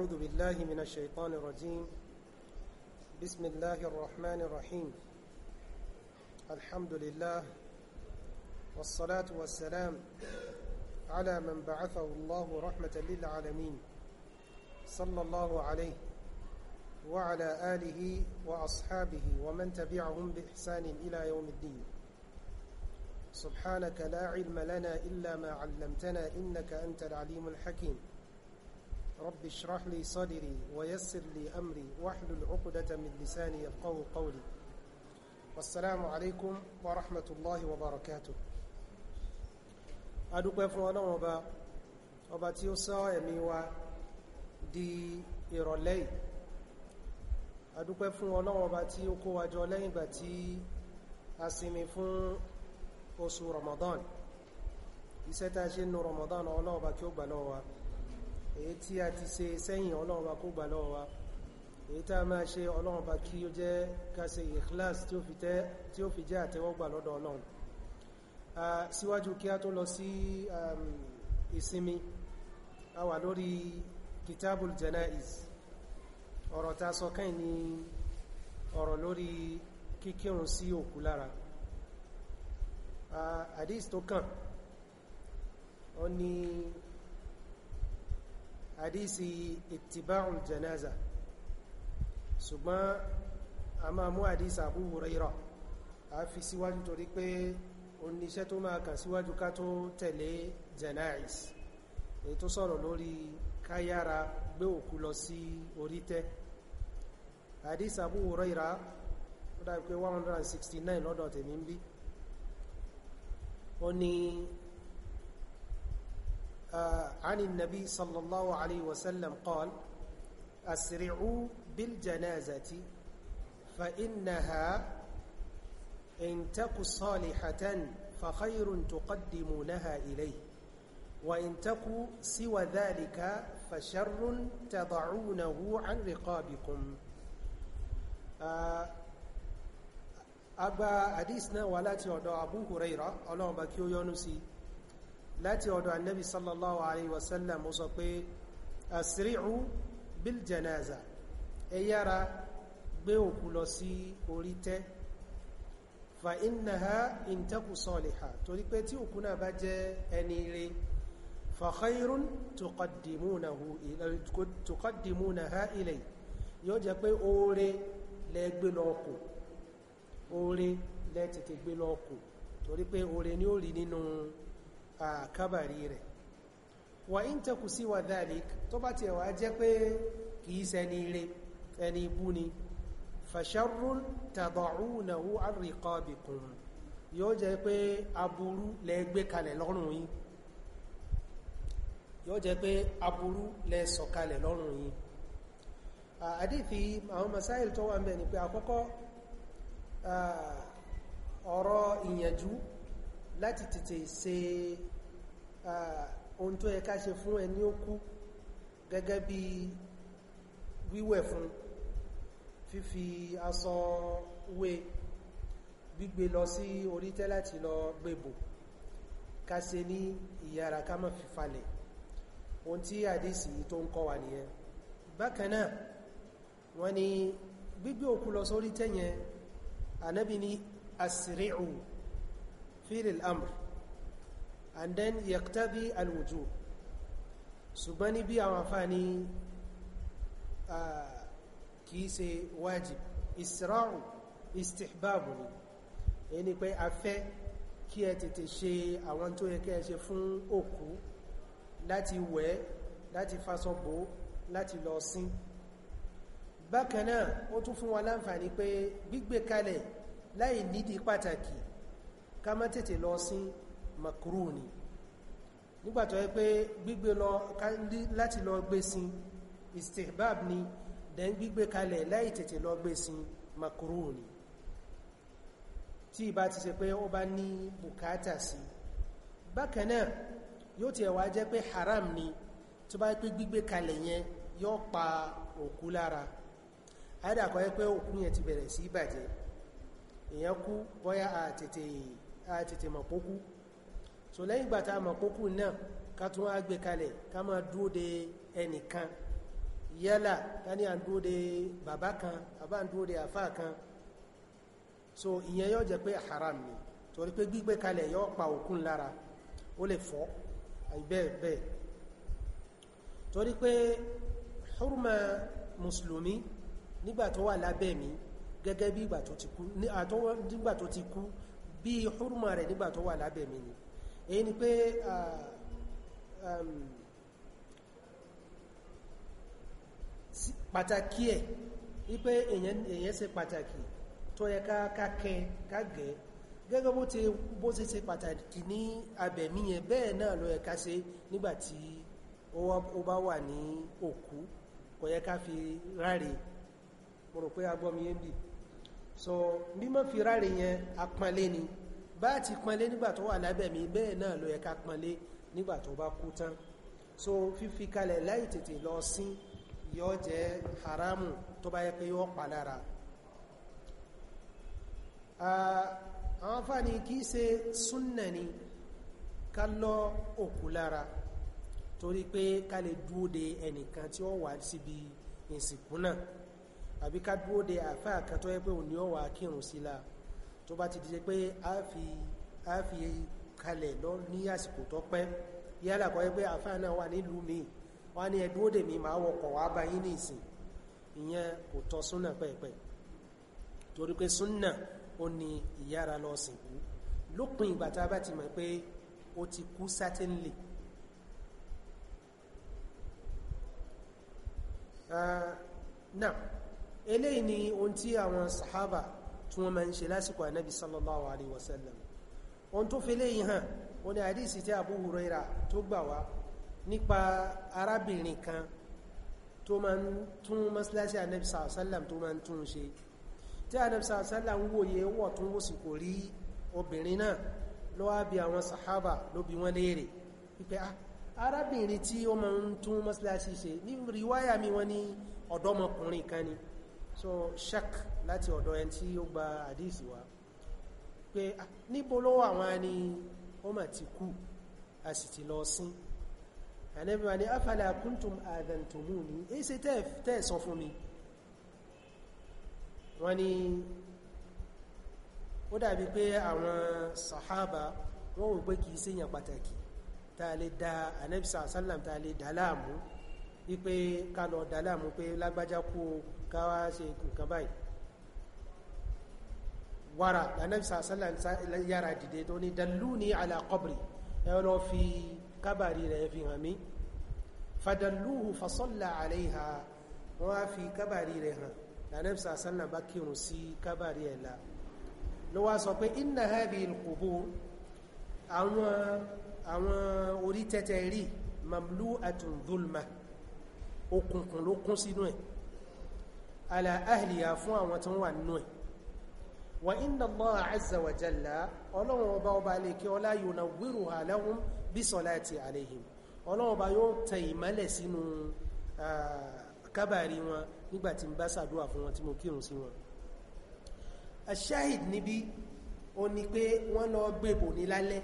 أعوذ بالله من الشيطان الرجيم بسم الله الرحمن الرحيم الحمد لله والصلاة والسلام على من بعثه الله رحمة للعالمين صلى الله عليه وعلى آله وأصحابه ومن تبعهم بإحسان إلى يوم الدين سبحانك لا علم لنا إلا ما علمتنا إنك أنت العليم الحكيم رب اشرح لي صدري ويسر لي أمري واحلل عقدة من لساني يفقه قولي والسلام عليكم ورحمة الله وبركاته adúpẹ́ fún ọlọ́run ọba ọba tí ó sọ ẹ̀mí wa di ìrọ̀lẹ́ yìí adúpẹ́ fún ọlọ́run ọba tí ó kó wa jọ lẹ́yìn ìgbà tí a sinmi fún oṣù Ramadan iṣẹ́ tá a ṣe nínú Ramadan ọlọ́run ọba kí ó gbà lọ́wọ́ wa èyí tí a ti ṣe sẹ́yìn ọlọ́run bá kó gbà lọ́wọ́ wa èyí tá a máa ṣe ọlọ́run bá kí ó jẹ́ ká ṣe ikhlas tí ó fi jẹ́ àtẹ́wọ́gbà lọ́dọ̀ ọlọ́run síwájú kí a tó lọ sí um, ìsinmi a wà lórí kitabul janaiz ọ̀rọ̀ ta sọ kẹ́yìn ni ọ̀rọ̀ lórí kíkírun sí òkú lára hadith tó kàn ó ní hadisi ittiba'ul janaza ṣùgbọ́n a máa mú hadisi Abu Hurairah a fi síwájú torí pé oníṣẹ́ tó máa kàn síwájú ká tó tẹ̀lé janais èyí tó sọ̀rọ̀ lórí káyára gbé òkú lọ sí orítẹ́ hadisi Abu Hurairah ó dáa 169 lọ́dọ̀ tèmi ń bí آه، عن النبي صلى الله عليه وسلم قال أسرعوا بالجنازة فإنها إن تك صالحة فخير تقدمونها إليه وإن تك سوى ذلك فشر تضعونه عن رقابكم آه، أبا حديثنا ولاتي أبو هريرة الله بكيو يونسي láti ọ̀dọ̀ annabi sallallahu alaihi wasallam ó sọ pé asri'u bil janaza ẹ yára gbé òkú lọ sí orí tẹ́ fa innaha in taku saliha torí pé tí òkú náà bá jẹ́ ẹni rẹ̀ fa khairun tuqaddimunahu tuqaddimunaha ilay yóò jẹ́ pé oore lẹ gbé oore lẹ gbé lọ torí pé oore ni ó rí nínú no kábàrí rẹ̀ wà ń tẹ́kù sí wà dhalik tó bá ti ẹ̀wà jẹ́ pé kìí sẹni rẹ̀ ẹni bú ni fasharrun tada'unahu an riqabikum yóò jẹ́ pé aburú lẹ kalẹ̀ lọ́rùn yín yóò jẹ́ pé aburú lẹ kalẹ̀ lọ́rùn yín àdífi àwọn masáìl tó wà ń bẹ̀ ni pé àkọ́kọ́ ọ̀rọ̀ ìyànjú láti tètè ṣe ohun tó yẹ ká ṣe fún ẹni ó kú gẹ́gẹ́ bí wíwẹ̀ fún fífi aṣọ wé gbígbé lọ sí orí tẹ́ láti lọ gbébò ká ṣe ní ìyára ká má fi falẹ̀ ohun tí àdísì tó ń kọ́ wa nìyẹn bákanáà wọ́n ní gbígbé òkú lọ sórí tẹ́yẹn ànábì ní asri'u fil amr and then yaktabi alwujub ṣùgbọ́n níbi àwọn àfáàní uh, kìí ṣe wájib isra'u istihbabu ni ẹni pé a fẹ́ kí ẹ tètè ṣe àwọn tó yẹ kí ẹ ṣe fún òkú láti wẹ̀ láti fasọ́bò láti lọ sín bákanáà wa láǹfààní pé gbígbé kalẹ̀ láì nídìí pàtàkì ká má tètè lọ sín nígbàtọ̀ yẹ pé gbígbé lọ láti lọ gbé sin istihbab ni dẹ̀n gbígbé kalẹ̀ láì tètè lọ gbé sin makruh ni tí ìbá ti ṣe pé ó bá ní bùkátà sí bákan yóò ti ẹ̀wà jẹ́ pé haram ni tó bá pé gbígbé kalẹ̀ yẹn yóò pa òkú lára àádàkọ́ yẹ pé òkú yẹn ti bẹ̀rẹ̀ sí bàjẹ́ èèyàn kú bóyá àtètè mọ̀pókú so lẹ́yìn ìgbà tá a mọ̀ kókù náà ká tún wá gbé kalẹ̀ ká máa dúró de ẹnìkan yálà ká ní à ń dúró de bàbá kan àbá ń dúró de àfá kan so ìyẹn yóò jẹ́ pé haram ni torí pé gbígbé kalẹ̀ yóò pa òkun lára ó lè fọ́ bẹ́ẹ̀ bẹ́ẹ̀ torí pé hurma mùsùlùmí nígbà tó wà lábẹ́ mi gẹ́gẹ́ bí ìgbà tó ti kú bí hurma rẹ̀ nígbà tó wà lábẹ́ mi ni èyí ni pé pàtàkì ẹ̀ wípé èyàn ṣe pàtàkì tó yẹ ká kákẹ bó ti bó ṣe ṣe pàtàkì ní abẹ̀mí yẹn bẹ́ẹ̀ náà ló yẹ ká ṣe nígbàtí ó bá wà ní òkú kò fi ráre mo rò pé yẹn bì so fi ráre yẹn bá ti pọnlé nígbà tó wà lábẹ́ mi bẹ́ẹ̀ náà ló yẹ ká pọnlé nígbà tó bá kú tán so fífi kalẹ̀ láì tètè lọ sí yóò jẹ́ haramu tó bá yẹ pé yóò pa àwọn afáàní kì í súnnà ni ká lọ òkú lára torí pé ká lè dúó de ẹnìkan tí ó wà síbi ìsìnkú náà àbí ká dúó de àfáà kan tó yẹ pé òní ó wà sí lára tó bá ti di pé a fi a fi kalẹ̀ lọ ní àsìkò tó pẹ́ yálà kọ́ pé àfáà náà wà nílùú mi wọ́n ní ẹ̀dúró dèmí máa wọkọ̀ wá bá yín ní ìsìn ìyẹn kò tọ́ súnà pẹ́ẹ̀pẹ́ torí pé súnà ó ní ìyára lọ sìnkú lópin ìgbà tá a bá ti mọ̀ pé ó ti kú sátẹ́ńlì ah, náà eléyìí ni ohun tí àwọn sàhábà tí wọ́n máa ń ṣe lásìkò ànábì sallallahu alaihi wasallam ohun tó fi léyìn hàn wọ́n ní àdísì tí Abu Huraira tó gbà wá nípa arábìnrin kan tó máa ń tún mọ́síláṣí ànábì sallam tó máa ń tún ṣe tí ànábì sallam ń wòye wọ̀ tún wò sì kò rí obìnrin náà ló wá bi àwọn sàhábà ló bi ah, arábìnrin tí ó máa ń tún mọ́síláṣí ṣe ní riwáyà mi wọ́n ní ọ̀dọ́mọkùnrin kan ni so shak láti ọ̀dọ̀ ẹni tí ó gba àdíìsì wa pé níbo ló wà wọn ni ó mà ti kú a sì ti lọ sín ànábì ni afala kuntum adhantumuni èyí ṣe tẹ́ẹ̀ sọ fún mi wọ́n ni ó dàbí pé àwọn sàhábà wọ́n wò pé kìí sí èèyàn pàtàkì tá a lè da ànábì sàásálàm tá a lè dà láàmú wípé ká lọ dà láàmú pé lágbájá kú ká wá ṣe nǹkan báyìí wàrà lànàbí sàásánlá yára dìde tó ní dalluni ala qabri ẹ lọ fi kábàrí rẹ̀ fi hàn mí fadalluhu fasalla alaiha wọ́n á fi kábàrí rẹ̀ hàn lànàbí sàásánlá bá kírun sí kábàrí ẹ̀ la ló wá sọ pé inna hadhihi alqubur àwọn àwọn orí tẹ́tẹ́ rí mamlu dhulma òkùnkùn ló kún sínú ẹ̀ ala ahliya fún àwọn tó wà nínú ẹ̀ wa inna allaha azza wa jalla ọlọ́run ọba ọba lèkè ọlá yunawwiruha lahum bí salati alayhim ọlọ́run ọba yóò tẹ ìmọ́lẹ̀ sínú kábàrí wọn nígbàtí ń bá sàdúwà fún wọn tí mo kírun sí wọn ashahid níbi ó ní pé wọ́n lọ gbèbò ní lálẹ́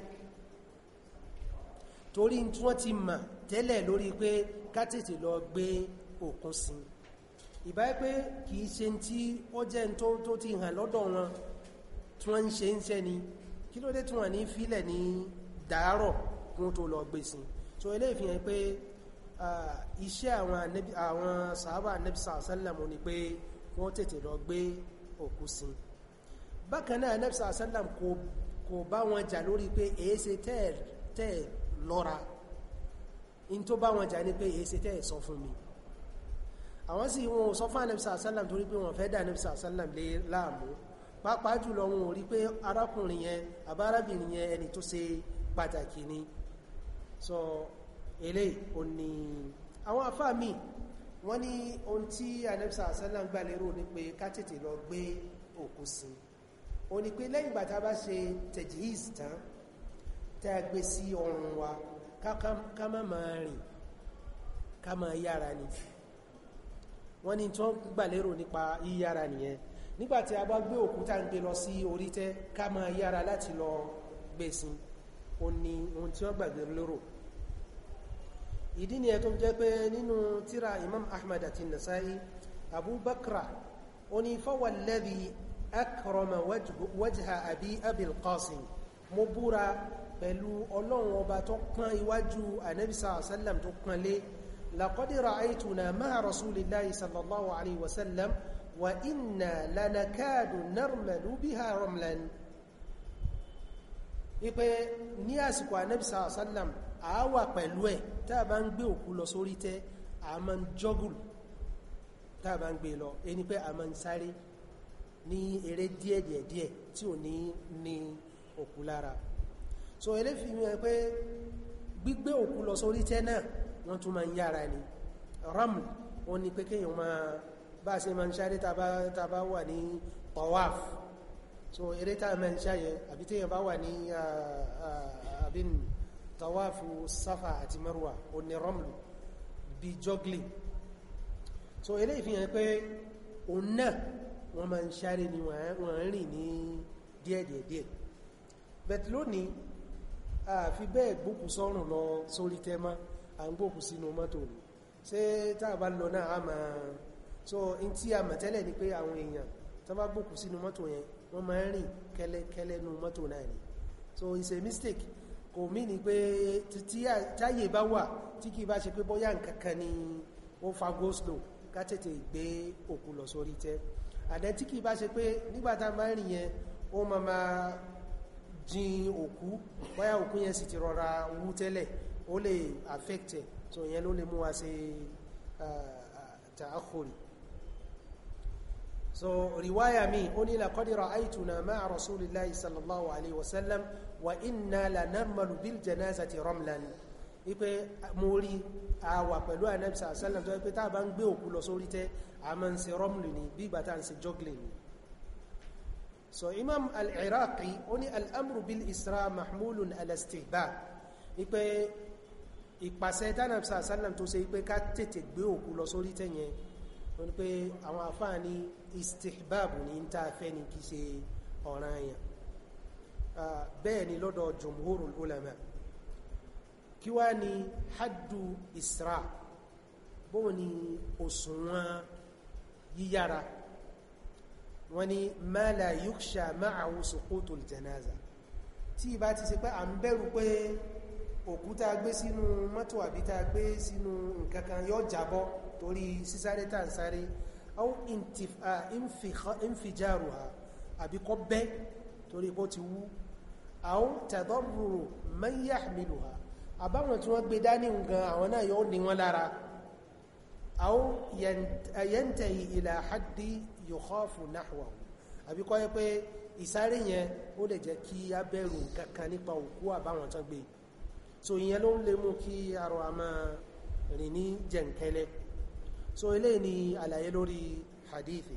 torí tí wọ́n ti mà tẹ́lẹ̀ lórí pé ká tètè lọ gbé sin ìbá pé kìí ṣe tí ó jẹ́ tó tó ti hàn lọ́dọ̀ wọn tí wọ́n ń ṣe ń ṣẹ́ ni kí ló dé tí wọ́n ní fílẹ̀ ní dàárọ̀ kún tó lọ gbèsìn so ilé ìfihàn pé iṣẹ́ àwọn sàábà nẹ́bí sàásẹ́lẹ̀mù ni pé wọ́n tètè lọ gbé òkú sin bákan náà nẹ́bí sàásẹ́lẹ̀mù kò bá wọn jà lórí pé èése tẹ́ẹ̀ lọ́ra in tó bá wọn jà ní pé èése tẹ́ẹ̀ sọ fún mi àwọn sì wọn ò sọ fún anẹ́bísà sálàm torí pé wọ́n fẹ́ dá anẹ́bísà sálàm lé láàmú pàápàá jùlọ wọn ò rí pé arákùnrin yẹn àbárábìnrin yẹn ẹni tó ṣe pàtàkì ni so eléyìí ò ní àwọn afá mi wọ́n ní ohun tí anẹ́bísà sálàm gbà lérò ni pé ká tètè lọ gbé òkú sí o ní pé lẹ́yìn ìgbà tá a bá ṣe tẹ̀jìhìs tán tá gbé sí ọrùn wa ká má rìn ká yára ni wọ́n ní tí wọ́n gbà lérò nípa yíyára nìyẹn nígbàtí a bá gbé òkúta ń gbé lọ sí orí tẹ́ ká máa yára láti lọ gbèsìn o ní ohun tí wọ́n gbàgbé lérò ìdí ni ẹ̀ jẹ́ pé nínú tíra Imam Ahmad àti Nasa'i Abu o ní fawalladhi akrama wajha abi abil qasim mo búra pẹ̀lú ọlọ́run ọba tó pán iwájú ànẹ́bìsà sallam tó pán lé لقد رأيتنا مع رسول الله صلى الله عليه وسلم وإنا لنكاد نرمل بها رملا ipe ní àsìkò anẹ́bìsà àsálàm àáwà pẹ̀lú ẹ̀ tàà bá ń gbé òkú lọ sórí tẹ́ a ma ń jọ́gùl tàà bá ń gbé lọ ẹni pé a ma ń sáré ní eré díẹ̀díẹ̀díẹ̀ tí ò ní ní òkú lára so eléfihàn pé gbígbé òkú lọ sórí tẹ́ náà wọ́n tún máa ń yára ni raml òun ni pé kéèyàn máa bá ṣe máa ń sáré tá wà ní tawaf so eré tá a máa ń sáyẹ àbí téèyàn bá wà ní abin tawaf safa àti marwa òun ni raml bí juggling so eré ìfihàn pé òun náà wọ́n máa ń sáré ni wọ́n rìn ní díẹ̀díẹ̀díẹ̀ bẹ̀t lónìí àfi bẹ́ẹ̀ gbókù sọ́rùn lọ sórí tẹ́mọ́ à ń gbòkú sínú mọ́tò ni ṣé tá lọ náà a máa so n tí a mọ̀ tẹ́lẹ̀ ni pé àwọn èèyàn tó bá gbòkú sínú mọ́tò yẹn wọ́n máa ń rìn kẹ́lẹ́kẹ́lẹ́ nu mọ́tò náà ni so it's a mistake kò mí ni pé tí táyè bá wà tí kì bá ṣe pé bóyá nǹkan ni ó fa go slow ká gbé òkú lọ sórí tẹ́ àdẹ tí kì bá ṣe pé nígbàtá máa rìn yẹn ó máa máa jin òkú bóyá òkú yẹn sì ti rọra wú tẹ́lẹ̀ ó lè affect ẹ̀ so ìyẹn ló lè mú wa ṣe ta'akhuri so riwaya mi ó ní laqad ra'aytuna ma'a rasulillahi sallallahu alayhi wa sallam wa inna lanamalu bil janazati ramlan wípé mo rí àwà pẹ̀lú ànábì sallam tó wípé tá a bá ń gbé òkú lọ sórí tẹ́ a máa ń ṣe ramlu ni bí ìgbà ń ṣe juggling ni so imam al-iraqi ó ní al-amru bil isra mahmulun al-istihbab ìpàṣẹ dánàbísà sálàm tó ṣe pé ká tètè gbé òkú lọ sórí tẹ̀yẹn wọn pé àwọn àfáà ní istihbabu ní ta fẹ́ ni kì í ṣe ọ̀ràn àyàn bẹ́ẹ̀ ni lọ́dọ̀ jumhurul ulama kí wá ní haddu isra bóò ni òṣùwọ̀n yíyára wọ́n ní ma la yuksha ma'ahu suqutul janaza tí ìbá ti ṣe pé à ń bẹ̀rù pé òkú tá gbé sínú mọ́tò àbí tá gbé sínú nǹkankan yóò jábọ́ torí sísáré tá ń sáré au infijaru ha àbí kọ́ bẹ́ torí kó ti wú au tadọ́rùrù man yahmilu ha àbáwọn tí wọ́n gbé dání nǹkan àwọn náà yóò ní wọn lára au yantahi ila haddi yukhafu nahwahu àbí kọ́ ó lè jẹ́ so ìyẹn ló ń lè mú kí arọ a máa rìn ní jẹ̀ǹkẹ́lẹ́ so eléyìí ni àlàyé lórí hadithi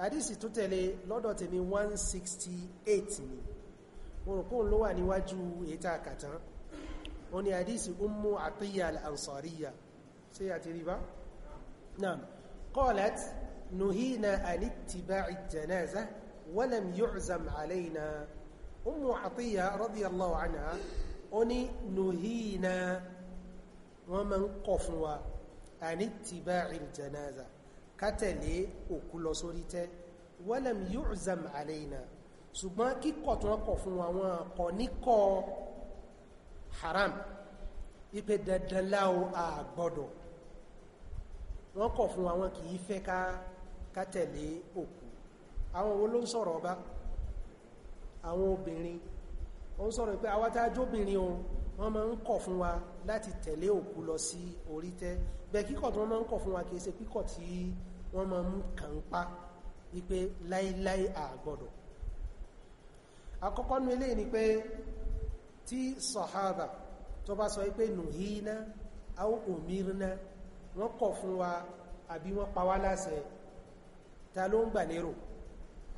hadithi tó tẹ̀lé lọ́dọ̀ tèmi 168 ni mo rò kóhùn ló wà níwájú ètà àkàtán ó ní hadithi ummu atiyya al-ansariya ṣe àti rí bá naam qalat nuhina an ittiba'i janaza walam yu'zam alayna ummu atiyya ó ní nuhina wọ́n máa ń kọ̀ fún wa àní tiba'il janaza kátẹ̀lé òkú lọ sórí tẹ́ walam yu'zam alayna ṣùgbọ́n kíkọ̀ tí wọ́n kọ̀ fún wa wọn kọ̀ níkọ̀ haram ipe dandan àgbọ́dọ̀ wọ́n kọ̀ fún wa wọn kìí fẹ́ ká kátẹ̀lé òkú àwọn wo ọba àwọn obìnrin ó sọ̀rọ̀ pé awátájóbìnrin o wọ́n máa ń kọ̀ fún wa láti tẹ̀lé òkú lọ sí orí tẹ́ bẹ́ẹ̀ kíkọ̀ tí wọ́n máa ń kọ̀ fún wa kìí ṣe kíkọ̀ tí wọ́n máa mú kàńpá wípé láíláí àgbọ̀dọ̀ àkọ́kọ́ nu eléyìí ni pé tí sọ̀hábà tó bá sọ wípé nùhínà àwọn òmìnirínà wọ́n kọ̀ fún wa àbí wọ́n pa wá láṣẹ ta ló ń gbà lérò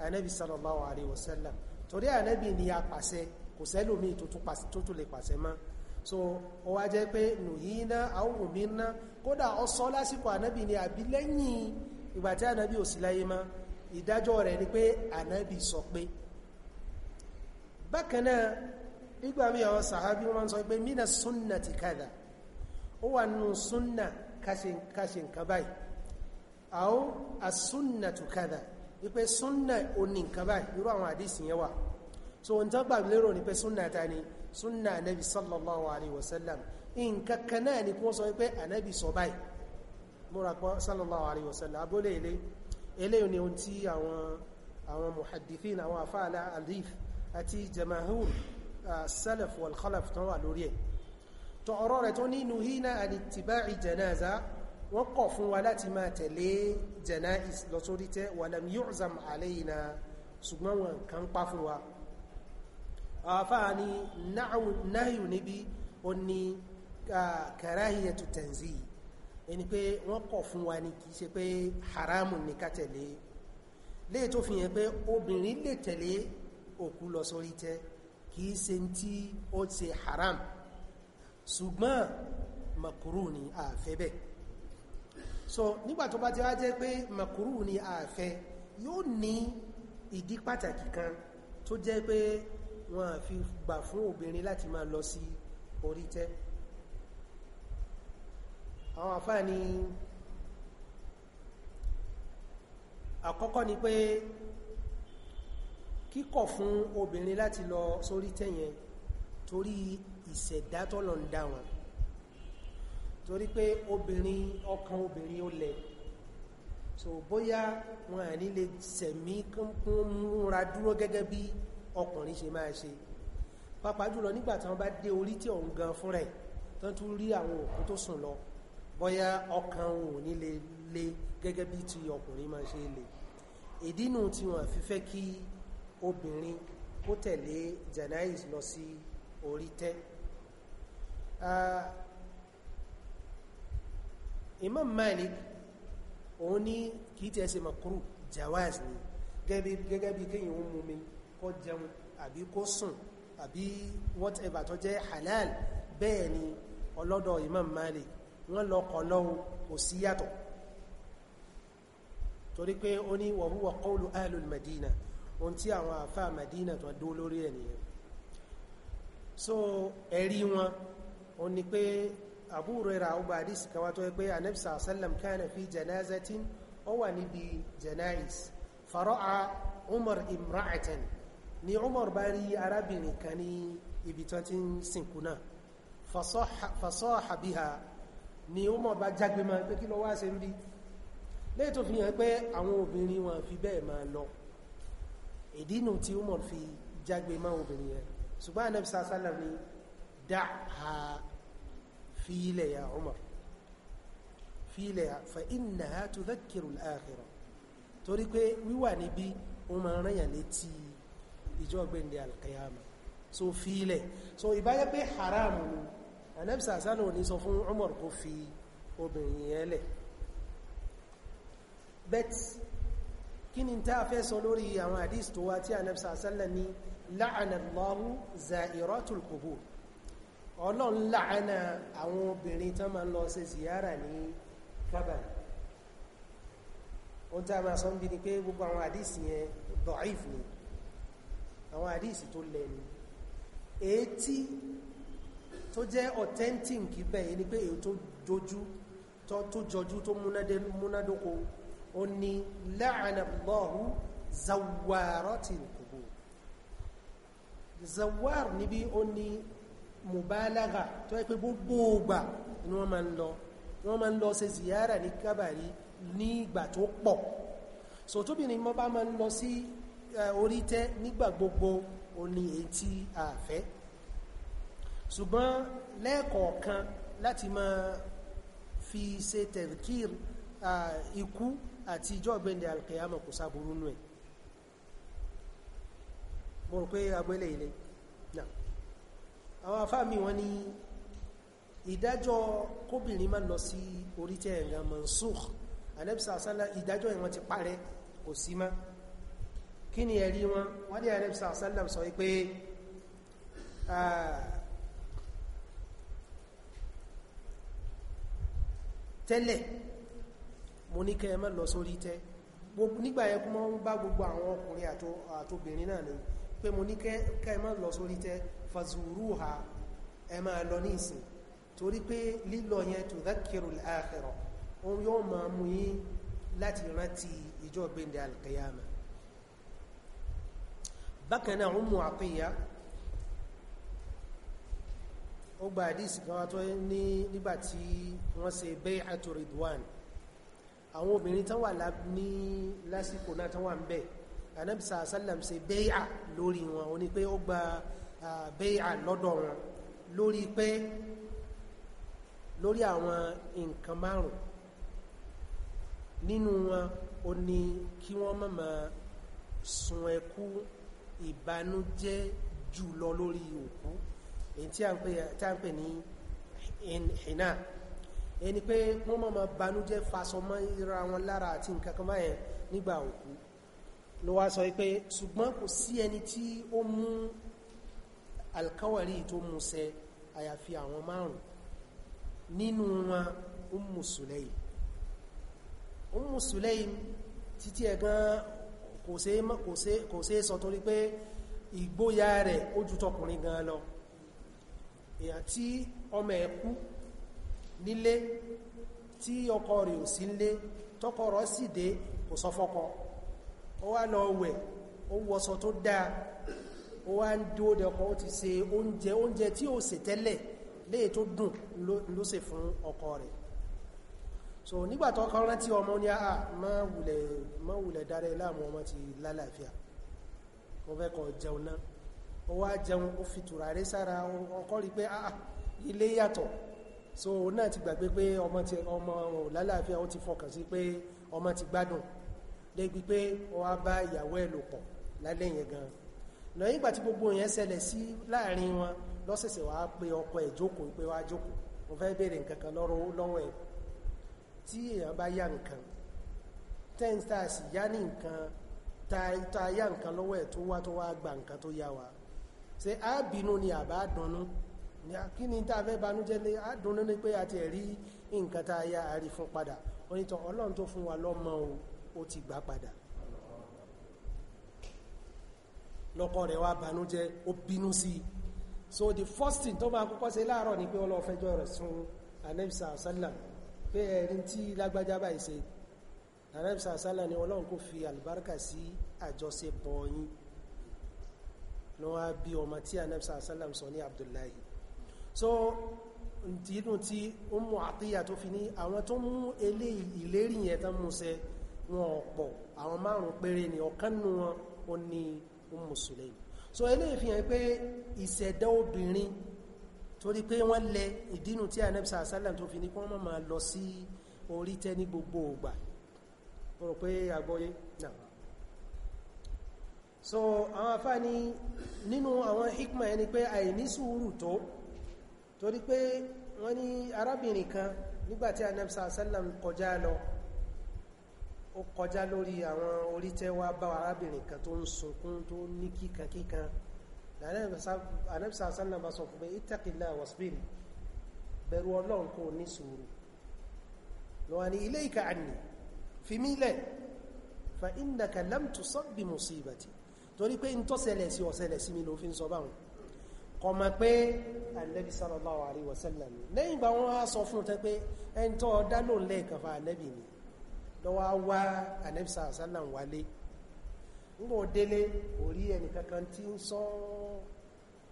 ànábì sallallahu alaihi wasallam torí ànábì ni a pàṣẹ kò sẹ́lòmí tó tún lè pàṣẹ mọ́ so ó wá jẹ́ pé nùhíná àwòmíná kódà ó sọ lásìkò ànábì ni àbí lẹ́yìn ìgbà tí ànábì ò sí láyé mọ́ ìdájọ́ rẹ̀ ni pé ànábì sọ pé bákanáà nígbà mí àwọn sàhábí wọ́n sọ pé mínà súnnà ti kádà ó wà nù súnnà káṣe nǹkan báyìí àwọn asúnnà tó kádà wípé súnnà ò ní nǹkan báyìí irú àwọn àdísì yẹn wà so n tán gbà lérò ní pé súnà ta ni súnà anabi sallallahu alayhi wa sallam nǹkan kan náà ni kó sọ pé anabi sọ báyìí múra pọ́ sallallahu alayhi wa sallam abólé ilé eléyìí ni ohun tí àwọn àwọn muhaddithin àwọn afáàlà alif àti jamahur salaf wal khalaf tán wà lórí ẹ̀ tọ ọ̀rọ̀ rẹ̀ tó ní nuhina anittiba'i janaza wọ́n kọ̀ fún wa láti máa tẹ̀lé janaiz lọ sórí tẹ́ walam yu'zam alayna ṣùgbọ́n wọn kan pa fún wa àfáà ni náhìù níbi ó ní kàráhìyàtù tẹ̀nzí ẹni pé wọ́n kọ̀ fún wa ní kìí ṣe pé haramun ní ká tẹ̀lé lè tó fi hàn pé obìnrin lè tẹ̀lé òkú lọ sórí tẹ́ kìí ṣe tí ó ṣe haram ṣùgbọ́n makuru ni àfẹ́ so nígbà tó bá ti wá jẹ́ pé makuru ni àfẹ́ yóò ní ìdí pàtàkì kan tó jẹ́ pé wọn àfi gbà fún obìnrin láti máa lọ sí orí tẹ́ àwọn àfáà ni àkọ́kọ́ ni pé kíkọ̀ fún obìnrin láti lọ sórí tẹ́yẹn torí ìṣẹ̀dá ń dá wọn torí pé obìnrin ọkàn obìnrin ó lẹ̀ so bóyá wọn à ní lè sẹ̀mí kún múra dúró gẹ́gẹ́ bí ọkùnrin ṣe máa ṣe pàápàá jùlọ nígbà tí wọ́n bá dé orí tí òun gan fún rẹ̀ tó tún rí àwọn òkú tó sùn lọ bóyá ọkàn òun ò ní le le gẹ́gẹ́ bí ti ọkùnrin máa ṣe le ìdínú tí wọ́n fi fẹ́ kí obìnrin kó tẹ̀lé janais lọ sí orí tẹ́ Imam Malik òun ní kìí tẹ́ ṣe makuru jawaz ni gẹ́gẹ́ bí kéyìn ó mú mi kó jẹun àbí kó sùn àbí whatever tó jẹ́ halal bẹ́ẹ̀ ni ọlọ́dọ̀ Imam Malik wọ́n lọ kọ̀ lọ́wọ́ kò sí yàtọ̀ torí pé ó ní wa huwa qawlu Madina ohun tí àwọn àfà Madina tó dó lórí ẹ̀ so ẹ̀rí wọn ó ní pé Abu Hurairah ọgbà àdìsí kan wá tó yẹ pé anabisa sallam kana fi janazatin ó wà níbi janais fara'a Umar imra'atan ni Umar bá rí arábìnrin kan ní ibi tán ti ń sìnkú náà fasaha biha ni Umar bá jágbe máa pé kí lọ wá ṣe ń bí lẹ́yìn tó fi hàn pé àwọn obìnrin wọn fi bẹ́ẹ̀ máa lọ ìdínú tí Umar fi jágbe máa obìnrin yẹn ṣùgbọ́n Ànábì sàásálà ni dáa fi ilẹ̀ ya Umar fi ilẹ̀ ya fa innaha tudhakkiru al-akhirah torí pé wíwà níbi ó máa létí ìjọ gbẹ̀ndẹ̀ alkiyama so fílẹ̀ so ìbáyẹ́ pé haram ni anẹ́bìsà sánà ò ní sọ fún Umar kó fi obìnrin yẹn lẹ̀ bet kí ni tá a fẹ́ sọ lórí àwọn hadith tó wá tí anẹ́bìsà sánà ní la'anallahu za'iratul qubur ọlọ́run la'ana àwọn obìnrin tán máa lọ ṣe ziyara ní kábàrì ó tá a sọ ń bi ni pé gbogbo àwọn hadith yẹn da'if àwọn àdíìsì tó lẹ́ni èétí tó jẹ́ authentic bẹ́ẹ̀ ni pé èyí tó dojú tó jọjú tó múnádókó ó ní la'ana Allahu zawaratil qubur zawar níbi ó ní mubalaga tó yẹ pé gbogbo ìgbà ni wọ́n máa ń lọ wọ́n máa ń lọ ṣe ziyara ní kábàrí ní tó pọ̀ so tóbi ni mo bá máa ń lọ sí orí tẹ́ nígbà gbogbo ó ní etí àfẹ́ ṣùgbọ́n lẹ́ẹ̀kọ̀ọ̀kan láti máa fi ṣe tẹ̀kír ikú àti ìjọ́ ọ̀gbẹ̀ndẹ̀ alkiyama kò sáburú nù ẹ̀ mo rò pé agbélé ilé náà àwọn afáàmì wọn ni ìdájọ́ kóbìnrin má lọ sí orí tẹ́ ẹ̀ngà mansukh sálá ìdájọ́ ìwọ̀n ti parẹ́ kò sí máa kí ni ẹ̀rí wọn wọ́n ní ẹ̀rẹ́ sàásẹ́lẹ̀m sọ wípé tẹ́lẹ̀ mo ní kẹ́ ẹ má lọ sórí tẹ́ nígbà yẹn kú mọ́ ń bá gbogbo àwọn ọkùnrin àtobìnrin náà ni pé mo ní kẹ́ ẹ má lọ sórí tẹ́ fazuruha ẹ máa lọ ní ìsìn torí pé lílọ yẹn tudhakkirul akhirah òun yóò máa mú yín láti rántí ìjọ́ gbẹ̀ndẹ̀ al bákan náà Ummu Atiyya ó gba àdísì kan wá tó ní nígbàtí wọ́n ṣe bay'atu Ridwan àwọn obìnrin tán wà ní lásìkò náà tán wà ń bẹ̀ anábìsà sálàm ṣe bay'a lórí wọn ó ní pé ó gba bay'a lọ́dọ̀ wọn lórí pé lórí àwọn nǹkan márùn nínú wọn ó ní kí wọ́n má sun ẹkú ìbànújẹ́ jùlọ lórí òkú èyí tí a ń pè ní ìhìnà ẹni pé wọ́n mọ́ ma bànújẹ́ fasọmọ́ ìra wọn lára àti nǹkan kan báyẹn nígbà òkú ló wá sọ pé ṣùgbọ́n kò sí ẹni tí ó mú alkawari tó musẹ àyàfi àwọn márùn nínú wọn Ummu Sulaym Ummu Sulaym títí ẹ̀gán kò ṣe é sọ torí pé ìgbóyà rẹ̀ ó ju tọkùnrin gan lọ èyàn tí ọmọ ẹ̀ kú nílé tí ọkọ rẹ̀ ò sí nílé tọkọ rọ̀ sì dé kò sọ fọ́kọ ó wá lọ wẹ̀ ó wọṣọ tó dáa ó wá ń dúó dẹkọ ó ti ṣe oúnjẹ oúnjẹ tí ó ṣe tẹ́lẹ̀ léè tó dùn ló ṣe fún ọkọ rẹ̀ so nígbà tó kan rántí ọmọ ní àà ah, má wulẹ̀ má wulẹ̀ dára láàmú ọmọ ti lálàáfíà ó fẹ́ kọ jẹun náà ó wá jẹun ó fi tùràrí sára ọkọ́ rí pé àà ah, ah, ilé yàtọ̀ so náà ti gbàgbé pé ọmọ ti ọmọ lálàáfíà ó ti fọkàn sí pé ọmọ ti gbádùn débi pé ó wá bá ìyàwó ẹ̀ lò pọ̀ lálẹ́ yẹn gan lọ nígbà tí gbogbo yẹn ṣẹlẹ̀ sí láàrin wọn lọ́sẹ̀sẹ̀ wàá pe ọkọ ẹ̀ jókòó pé wàá jókòó mo fẹ́ béèrè nǹkan kan lọ́wọ́ ẹ̀ tí èèyàn bá yá nǹkan ten stars yá ní nǹkan ta yá nǹkan lọ́wọ́ ẹ̀ tó wá tó wá gba nǹkan tó yá wa ṣe á bínú ni àbá dunnú kí ni tá a fẹ́ banújẹ́ ní á dunnú ni pé a ti rí nǹkan tá a yá a rí fún padà onítọ̀ ọlọ́run tó fún wa lọ́mọ o ó ti gbà padà lọ́kọ rẹ̀ wá banújẹ́ ó bínú sí i so the first thing tó máa kọ́kọ́ ṣe láàárọ̀ ni pé ọlọ́ọ̀fẹ́jọ́ rẹ̀ sun anẹ́bísà sálàmù pé ẹni tí lágbájá báyìí ṣe ànábì sàásálà ni ọlọ́run kò fi àlùbáríkà sí àjọṣe bọ̀ ló wá bí ọmọ tí ànábì sàásálà sọ ní Abdullahi so nínú tí ó mú àtíyà tó fi ní àwọn tó mú eléyìí ìlérí yẹn tán mú ṣẹ wọn ọ̀pọ̀ àwọn márùn péré ni ọ̀kan nù wọn ó ní Ummu so eléyìí fi hàn pé ìṣẹ̀dá obìnrin torí pé wọ́n lẹ ìdínú tí anabi sàásálà tó fi ní kí wọ́n máa lọ sí orí tẹ́ ní gbogbo ògbà mo pé àgbọ́yé náà so àwọn afá ni nínú àwọn hikma ẹni pé àìní sùúrù tó torí pé wọ́n ní arábìnrin kan nígbàtí anabi sàásálà kọjá lọ ó kọjá lórí àwọn orí tẹ́ wá bá arábìnrin kan tó ń sunkún tó ní kíkankíkan ànábì sàásánà bá sọ fún pé ìtàkìlá wàsbírì bẹ̀rù ọlọ́run kò ní sùúrù lọ́wọ́ ni ilé ìka àní fi mílẹ̀ fa innaka lam tusab bi musibati torí pé ń tọ́ ṣẹlẹ̀ sí ọ̀ṣẹlẹ̀ sí mi ló fi ń sọ báwọn kọ ma pé ànábì sallallahu alaihi wasallam lẹ́yìn ìgbà wọn á sọ fún tẹ́ pé ẹn tọ́ dá lóun lẹ́ẹ̀kan fa ni lọ́wọ́ á wá ànábì sàásánà wálé ńgbò délé kò rí ẹnìkankan tí ń sọ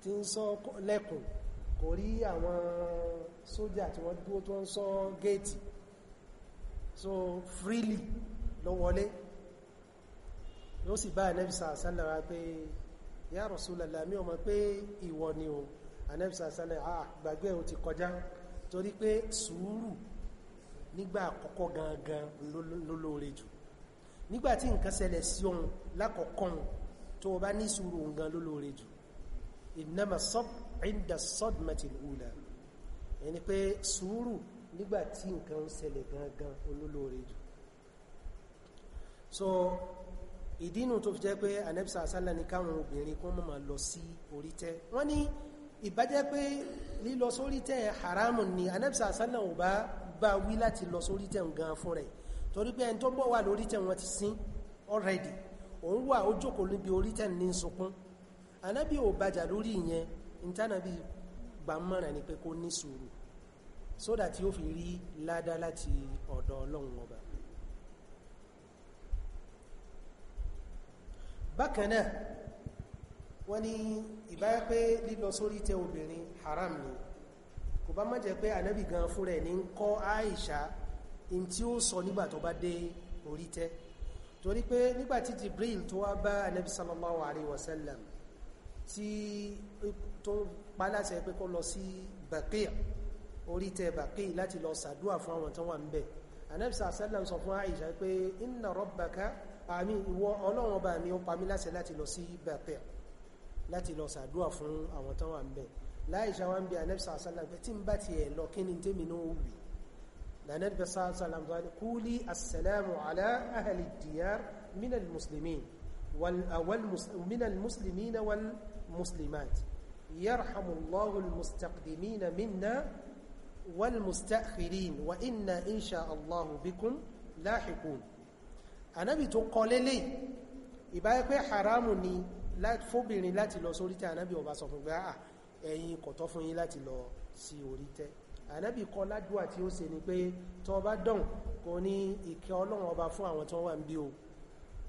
tí ń sọ lẹ́kùn kò rí àwọn sójà tí wọ́n dúró tó ń sọ géètì so freely ló wọlé ló sì bá ẹnẹ́bìsà sálẹ̀ra pé ya Rasulullah mi ò pé ìwọ ni o ẹnẹ́bìsà sálẹ̀ ah gbàgbé o ti kọjá torí pé sùúrù nígbà àkọ́kọ́ gangan lólóore jù nígbàtí nǹkan ṣẹlẹ̀ sí ohun lákọ̀ọ́kọ́ tó bá ní sùúrù nǹkan lólóore jù innama sabr inda sadmati al-ula ẹni pé sùúrù nígbàtí nǹkan ń ṣẹlẹ̀ gangan olólóore jù so ìdínú tó fi jẹ́ pé anẹ́bísà asálà ní káwọn obìnrin kún mọ́mà lọ sí orí wọ́n ní ìbájẹ́ pé lílọ sórí tẹ́ ni anẹ́bísà asálà ò bá bá wí láti lọ sórí tẹ́ fún rẹ̀ torí pé ẹni tó bọ̀ wà lórí tẹ̀ wọn ti sin already òun wà ó jókòó níbi orí tẹ̀ ní sunkún anábì ò bàjà lórí ìyẹn ìtànàbí gbàmọ́ràn ni pé kó ní sùúrù sódà tí ó fi rí ládá láti ọ̀dọ̀ ọlọ́run ọba bákanáà wọ́n ní ìbáyá pé lílọ sórí tẹ obìnrin haram ni kò bá má jẹ́ pé ànábì gan fún rẹ̀ ní ń kọ́ Aisha in tí ó sọ nígbà tó bá dé orí tẹ́ torí pé nígbà tí Jibril tó wá bá anabi sallallahu alayhi wa sallam tí tó paláṣẹ pé kó lọ sí Baqi' orí tẹ́ Baqi' láti lọ sàdúà fún àwọn tó wà ń bẹ̀ anabi sallallahu alayhi wa sallam sọ fún Aisha pé inna rabbaka àmì ìwọ ọlọ́run ọba mi ó pa mí láṣẹ láti lọ sí Baqi' láti lọ sàdúà fún àwọn tó wà ń bẹ̀ láìṣà wá anabi sallallahu alayhi wa sallam pé tí ń bá tiẹ̀ lọ kí ni tèmi lànàbí bẹ sáà sàlám sọ kúlí asàlámù alá ahàlì dìyàr minal muslimin ah, minal muslimina wal muslimat يرحم الله المستقدمين منا والمستأخرين وإنا إن شاء الله بكم لاحقون anábì tó kọ lélẹ̀ ìbáyé pé haramu ni fóbìnrin láti lọ sórí tẹ́ anábì ọba sọ fún gbá ah, ẹ̀yin kò tọ́ fún yín láti lọ sí orí tẹ́ ànábì kọ ládùúà tí ó ṣe ni pé tó bá dán kò ní ìkẹ́ ọlọ́run ọba fún àwọn tó wà ń bí o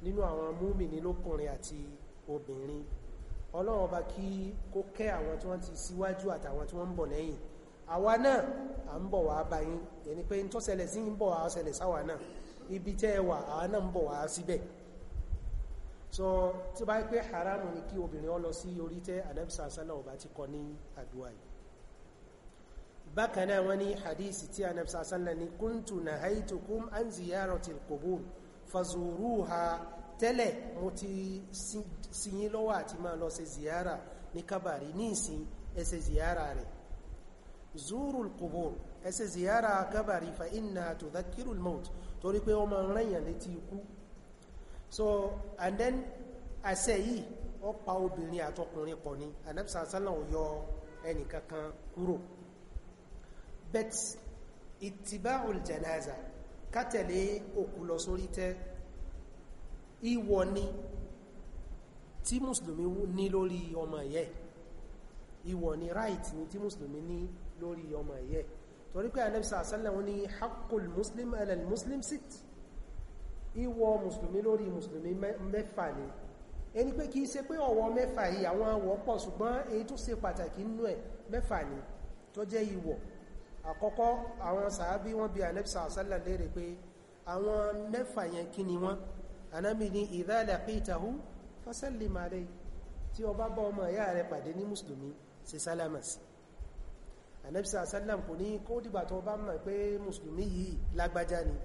nínú àwọn múmìnì lókùnrin àti obìnrin ọlọ́run ọba kí kó kẹ́ àwọn tí wọ́n ti síwájú àtàwọn tí wọ́n ń bọ̀ lẹ́yìn àwa náà à ń bọ̀ wá bá yín ẹni pé ń tó sí ń bọ̀ wá ṣẹlẹ̀ sáwa náà ibi tẹ́ ẹ wà àwa náà ń bọ̀ wá síbẹ̀ so tí ó bá pé haramu ni kí obìnrin ọ lọ sí orí tẹ́ ànábìsà sálà ọba ti kọ ní àdúrà yìí bákan náà wọ́n ní hadisi tí anabi sàásánlá ní kuntu nahaytukum an ziyarati al-qubur fazuruha tẹ́lẹ̀ mo ti sinyin lọ́wọ́ àti máa lọ ṣe ziyara ní kabari ní ìsìn ẹsẹ̀ ziyara rẹ̀ zuru al-qubur ẹsẹ̀ ziyara kabari fa inna tudhakiru al-maut torí pé ó máa létí ikú so and then àṣẹ yìí ó pa obìnrin àtọkùnrin pọ̀ ni anabi sàásánlá ò yọ ẹnìkankan kúrò bet ìtìbáhùl janaza ká tẹ̀lé òkú lọ sórí tẹ́ ìwọ ni tí mùsùlùmí ní lórí ọmọ ẹ̀yẹ́ ìwọ ni right ni tí mùsùlùmí ní lórí ọmọ ẹ̀yẹ́ torí pé anẹ́bisa àṣálẹ̀ wọn ni haqqul muslim alal muslim sit ìwọ mùsùlùmí lórí mùsùlùmí mẹ́fà ni ẹni pé kìí ṣe pé ọ̀wọ̀ mẹ́fà yìí àwọn àwọ̀ pọ̀ ṣùgbọ́n èyí tó ṣe pàtàkì nínú ẹ̀ mẹ́fà ni tó jẹ́ ìwọ̀ àkọ́kọ́ àwọn sàábí wọ́n bi ànẹ́bìsà àsálà léèrè pé àwọn mẹ́fà yẹn kí ni wọ́n anábì ní idha laqitahu fasallim alayhi tí o bá bá ọmọ ìyá rẹ̀ pàdé ní mùsùlùmí ṣe sálámà sí ànẹ́bìsà àsálà kò ní kó dìgbà tó bá mọ̀ pé mùsùlùmí yìí lágbájá ni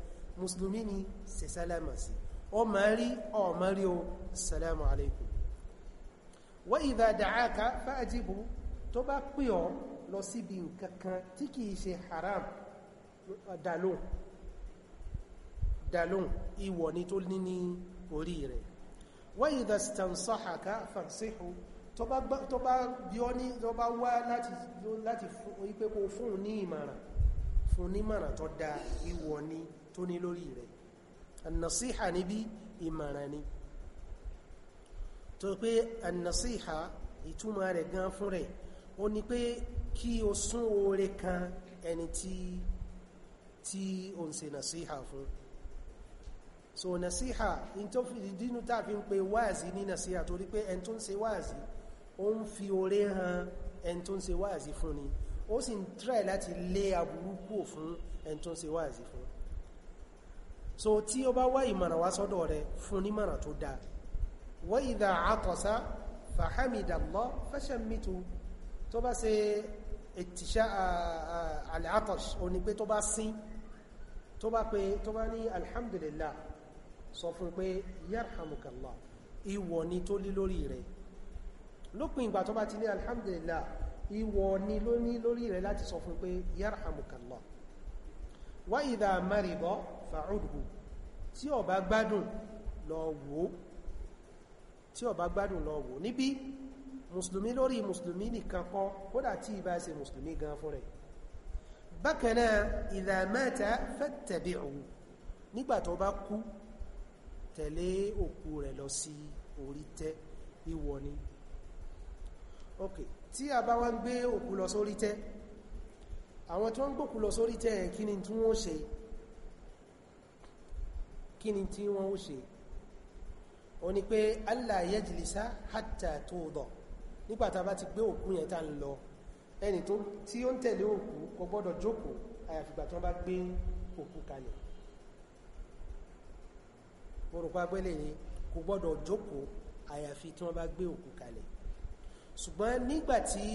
tó bá pè ọ́ lọ síbi nǹkan kan tí kìí ṣe haram dalóhùn dalóhùn ìwọ̀ ni tó ní ní orí rẹ̀ wa idha stansahaka fansihu tó bá bí ọ́ ní tó bá wá láti wípé kó fún ní ìmọ̀ràn fún nímọ̀ràn tó dá ìwọ̀ ni tó ní lórí rẹ̀ annasiha níbi ìmọ̀ràn ni tó pé annasiha ìtumọ̀ rẹ̀ gan fún rẹ̀ ó ní pé kí o sún oore kan ẹni tí tí o ń ṣe nàṣíhà fún so nàṣíhà ìdínú tàà fi ń pe wáàzí ní nàṣíhà torí pé ẹni tó ń ṣe wáàzí ó ń fi oore hàn ẹni tó ń ṣe wáàzí fún ni ó sì ń try láti lé aburú kúrò fún ẹni tó ń ṣe wáàzí fún so tí ó bá wá ìmọ̀ràn wá sọ́dọ̀ rẹ̀ fún nímọ̀ràn tó dáa wa idha atasa fahamidallah fashammitu tó bá ṣe ìtìṣà al-atash ó ní pé tó bá sín tó bá pé tó bá ní alhamdulillah sọ fún pé yarhamukallah ìwọ ni tó lé lórí rẹ̀ lópin ìgbà tó bá ti ní alhamdulillah ìwọ ni ló ní lórí rẹ̀ láti sọ fún pé yarhamukallah wa idha marida fa'udhu tí ó gbádùn lọ wò níbi mùsùlùmí lórí mùsùlùmí nìkan kọ́ kódà tí ìbá ṣe mùsùlùmí gan fún rẹ̀ bákan náà idha mata fattabi'u nígbà tó bá kú tẹ̀lé òkú rẹ̀ lọ sí orí tẹ́ ìwọ ni ok tí a bá wá ń gbé òkú lọ sórí tẹ́ àwọn tí wọ́n ń lọ sórí tẹ́ ẹ̀ tí wọ́n ṣe kí tí wọ́n ṣe ó ní pé alla yajlisa hatta tuudah nígbà tá a bá ti gbé òkú yẹn tá ń lọ ẹni tí ó ń tẹ̀lé òkú kò gbọ́dọ̀ jókòó àyàfìgbà tí wọ́n bá gbé òkú kalẹ̀ orùpá gbẹ́lẹ̀ ni kò gbọ́dọ̀ jókòó àyàfi tí wọ́n bá gbé òkú kalẹ̀ ṣùgbọ́n nígbàtí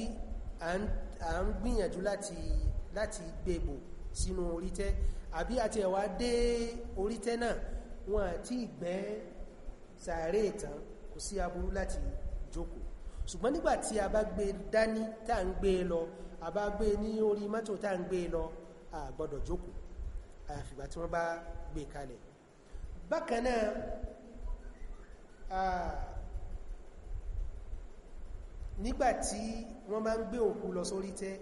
à ń gbìyànjú láti láti gbébò sínú orítẹ́ àbí àti ẹ̀wà dé orítẹ́ náà wọ́n àti ìgbẹ́ sàárè ìtàn kò sí aburú láti ṣùgbọ́n nígbà tí a bá gbé dání tá à ń gbé e lọ a bá gbé e ní orí mọ́tò tá à ń gbé e lọ a gbọ́dọ̀ jókòó àyàfìgbà tí wọ́n bá gbé kalẹ̀ bákan náà nígbàtí wọ́n máa ń gbé òkú lọ sórí tẹ́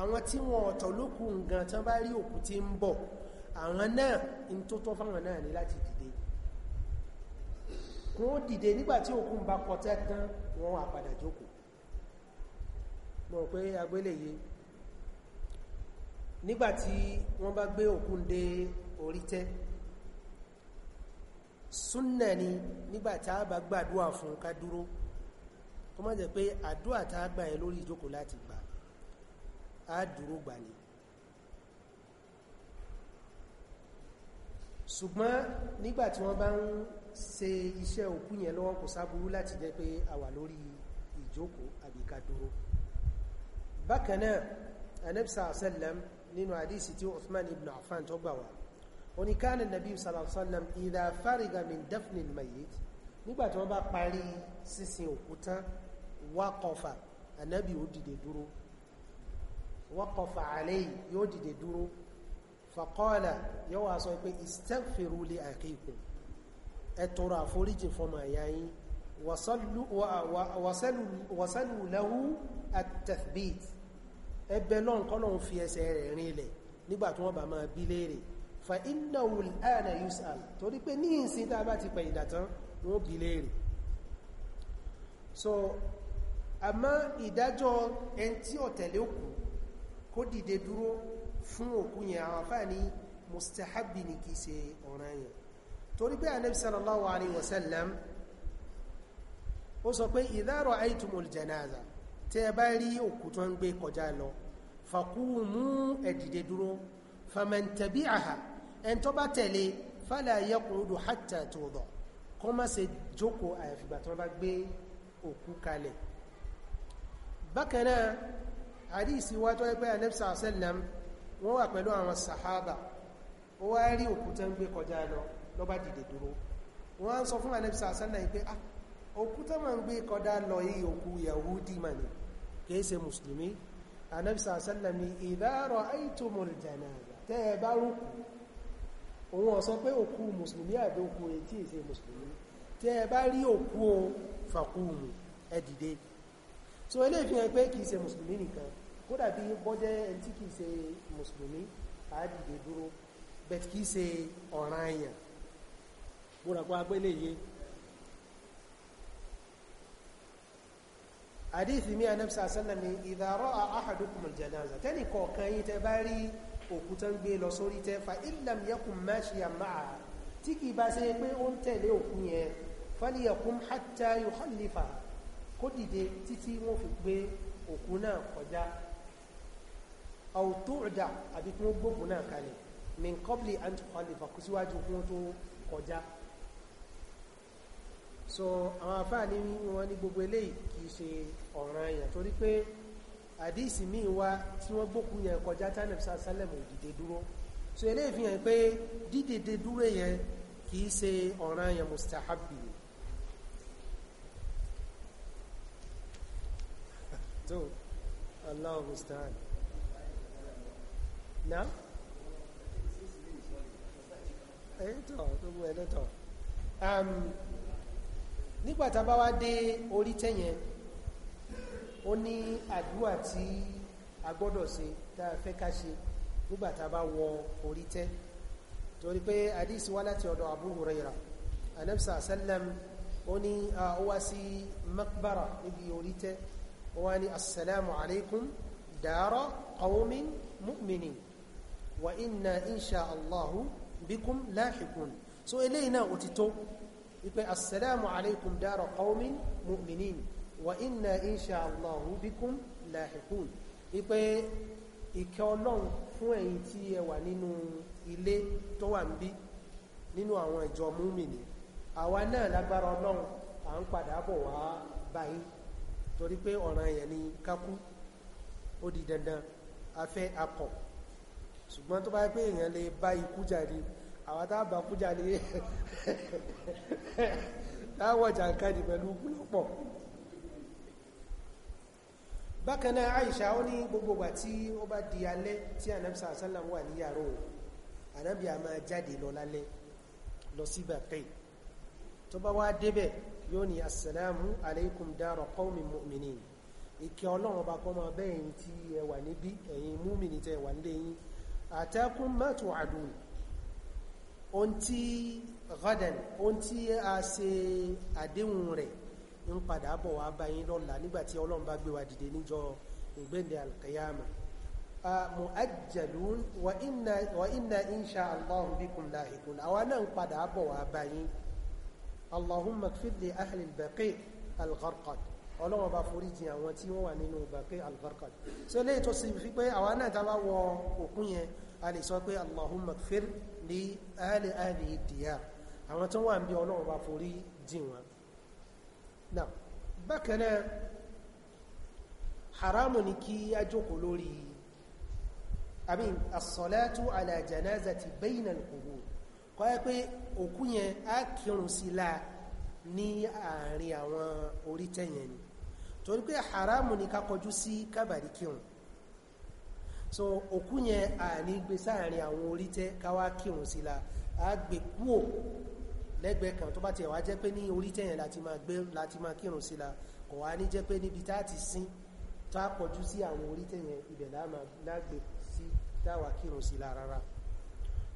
àwọn tí wọ́n ọ̀tọ̀ lókù nǹkan tán bá rí òkú tí ń bọ̀ àwọn náà in tó tọ́ fáwọn náà ní láti dìde kún ó dìde nígbàtí òkú ń bá kọtẹ́ tán wọ́n wà padà jókòó mo rò pé agbélé yìí nígbàtí wọ́n bá gbé òkú dé orí tẹ́ súnnà ni nígbàtí a bá gbàdúwà fún ká dúró kó má jẹ́ pé àdúwà tá a gbà ẹ lórí ìjókòó láti gbà á dúró gbà ni ṣùgbọ́n nígbàtí wọ́n bá ń ṣe iṣẹ́ òkú yẹn lọ́wọ́ kò sáburú láti jẹ́ pé a wà lórí ìjókòó àbí ká dúró bákan náà anabisa sallam nínú àdísì tí Uthman ibn Affan tó gbà wá ó ní kana nabi sallallahu sallam idha fariga nígbà tí wọ́n bá parí sísin òkú tán waqafa anabi ó dìde dúró waqafa alayhi yóò dìde dúró faqala yóò sọ pé istaghfiru li akhikum ẹ tọrọ àforíjì fọmọ àyà yín wàsálù lẹ́wú àtẹ̀bìt ẹbẹ̀ náà kọ́lọ̀un fi ẹsẹ̀ rẹ̀ rinlẹ̀ nígbà tí wọ́n bá máa bí léèrè fa iná wùlẹ́ẹ̀nà yusal torí pé ní ìsìn tá bá ti pẹ̀ ìdàtán wọ́n bí léèrè so àmọ́ ìdájọ́ ẹn tí ó tẹ̀lé òkú kó dìde dúró fún òkú yẹn àwọn afáà ní mustahabi ni kìí ṣe ọ̀ranyàn torí pé anabi sallallahu alayhi wa sallam ó sọ pé idha ra'aytumul janaza tẹ́ ẹ bá rí òkú tó ń gbé kọjá lọ faqumu ẹ dìde dúró faman tabi'aha ẹn tó bá tẹ̀lé fala yaqudu hatta tuda kó má ṣe jókòó àyàfìgbà tó bá wọ́n wà pẹ̀lú àwọn sàhábà ó wá rí òkú tó ń gbé kọjá lọ ló bá dìde dúró wọ́n ń sọ fún anẹ́bísà sánà pé ah òkú tó máa ń gbé kọdá lọ yìí òkú yahudi mà ní kìí ṣe mùsùlùmí anẹ́bísà sánà ní ìdárọ̀ àìtòmọ̀ ìjànà tẹ́ ẹ bá rúkú òun ọ̀sọ́ pé òkú so ilé ìfihàn pé kìí ṣe mùsùlùmí nìkan kódà bí bọ́jẹ́ ẹni tí kìí ṣe mùsùlùmí àá dìde dúró bẹ̀t kìí ṣe ọ̀ranyàn múra pa pé léye àdífì mí anábì sàásánà ni idha ra'a ahadukum al-janaza tẹ́nì kọ̀ọ̀kan yìí tẹ́ bá rí òkú tán gbé lọ sórí tẹ́ fa illam yakun mashiyan ma'a tí kìí bá ṣe pé ó ń tẹ̀lé òkú yẹn falyakum hatta yukhallifa kó dìde títí wọ́n fi gbé òkú náà kọjá aw tu'da àbí kí náà kalẹ̀ min qabli an tukhallifa kó síwájú kí tó kọjá so àwọn afáàní wọn ní gbogbo eléyìí kìí ṣe ọ̀ràn èèyàn torí pé àdíìsì míì wá tí wọ́n gbókù yẹn kọjá tánàbí sálẹ̀mù ìdìde dúró so eléyìí fi hàn pé dídìde dúró yẹn kìí ṣe ọ̀ràn èèyàn mustahabi tó Allahu mustahab náà ẹ̀yìn tọ̀ tó mú ẹ̀ nígbàtà bá wá dé orí tẹ́yẹn ó ní àdúrà tí a gbọ́dọ̀ ṣe tá a fẹ́ ká ṣe nígbàtà bá wọ orí tẹ́ torí pé àdísí wá láti ọ̀dọ̀ Abu Hurairah anabisa sallam ó ní ó sí makbara níbi orí tẹ́ wá ní assalamu alaikum dara qawmin mu'minin wa inna insha Allahu bikum lahiqun so eléyìí náà ó wípé assalamu alaikum dara qawmin mu'minin wa inna insha allahu bikum lahiqun wípé ìkẹ́ ọlọ́run fún ẹ̀yin tí ẹ wà nínú ilé tó wà ń bí nínú àwọn ìjọ múmìnì àwa náà lágbára ọlọ́run à ń padà bọ̀ wá báyìí torí pé ọ̀ràn ni kákú ó di dandan afẹ́ akọ̀ ṣùgbọ́n tó bá pé èèyàn lè bá ikú jáde àwọn tá a bá kújà ní láwọ̀ jàǹkadì pẹ̀lú púpọ̀ bákan náà ó ní gbogbo ìgbà tí ó bá di alẹ́ tí anabisa asalam wà ní yàrá òun anabi a máa jáde lọ lálẹ́ lọ sí bàtẹ́ tó bá wá débẹ̀ yóò ní assalamu alaikum dara qawmin mu'minin ìkẹ́ ọlọ́run ọba kọ́mọ bẹ́ẹ̀ tí ẹ wà níbí ẹ̀yin tẹ́ wà nílé yín àtẹ́kùn mẹ́tò àdùn ohun tí ghadan ohun tí a ṣe àdéhùn rẹ̀ ń padà bọ̀ wá bá yín lọ́la nígbàtí ọlọ́run bá gbé wa dìde níjọ ìgbẹ́ndẹ̀ alkayama mu'ajjalun wa inna wa inna insha Allah bikum lahiqun àwa náà ń padà bọ̀ wá bá yín Allahumma kfir li ahli al-baqi al bá forí jì àwọn tí wọ́n wà nínú baqi al so léyìí tó fi pé àwa náà tá bá wọ òkun yẹn a lè sọ pé allahumma ighfir li ahli ahli diyar àwọn tó wà ń bí ọlọ́run bá forí jì wọn náà bákan náà haramu ni kí a jókòó lórí àbí as-salatu ala janazati bayna al-qubur kọ́ yẹ pé òkú yẹn á kírun sí láà ní àárín àwọn orítẹ̀yẹn ni torí pé haramu ni ká kọjú sí kábàrí kírun so òkú yẹn àní gbé sáàrin àwọn orí tẹ́ káwá kírun sí la a gbé kúò lẹ́gbẹ̀ẹ́ kan tó bá tiẹ̀ wá jẹ́ pé ní orí tẹ́yẹn láti máa gbé láti máa kírun sí la kò wá ní jẹ́ pé níbi tá ti sín tá pọ̀jú sí àwọn orí tẹ́yẹn ibẹ̀ lágbè sí táwà kírun sí la rárá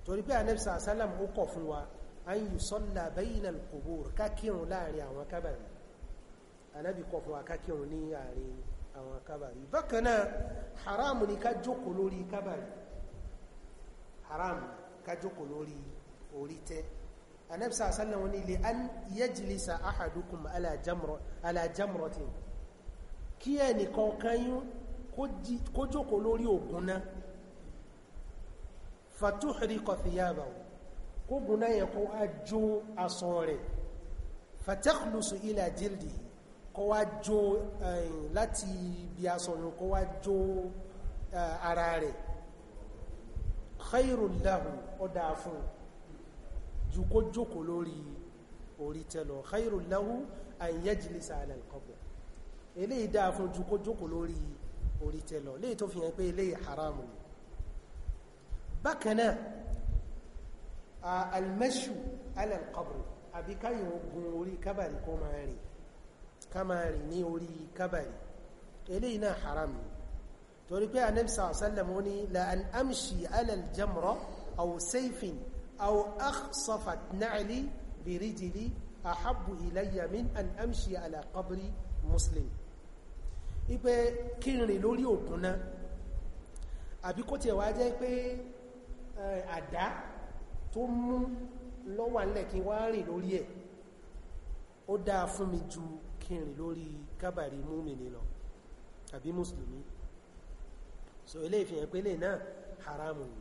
torí pé anẹ́bìsà asálàm ó kọ̀ fún wa an yù sọ́lá bẹ́yìnà kòbóòrò ká kírun láàrin àwọn kábàrin anábì kọ̀ fún wa ká kírun ní àárín àwọn kábàrí bákan náà haram ni ká jókòó lórí kábàrí haram ká jókòó lórí orí tẹ́ anẹ́bísà sálẹ̀ wọn ilé an yajlisa ahadukum ala jamratin kí ẹnìkan kan yún kó jókòó lórí ògùn náà fatuhriqa thiyabahu kó gùn náà yẹ kó a jó aṣọ rẹ̀ fatakhlusu ila jildihi kọ́ wá jó eh, láti ibi asọ̀yàn kọ́ wá jó eh, ara rẹ̀ khairun lahu ọdá fún ju kó jókòó lórí orí tẹ́lọ khairun lahu an yajlisa ala al-qabr eléyìí dáa fún ju kó jókòó lórí orí tẹ́lọ léyìí tó fi hàn pé eléyìí ká máa rìn ní orí kábàrí eléyìí náà haram ni torí pé anẹ́bísà ọ̀sálẹ̀mù ní la an amṣi alal jamra aw sayfin aw akhsafat na'li bi rijli ahabbu ilayya min an amṣi ala qabri muslim ipe kí n rìn lórí òkun náà àbí kó tiẹ̀ wá jẹ́ pé eh, àdá tó mú lọ́wà ńlẹ̀ kí wá rìn lórí ẹ̀ ó mi ju kírìn lórí kábàrí múmìnì lọ àbí mùsùlùmí so ilé ìfihàn pélé náà haramu ni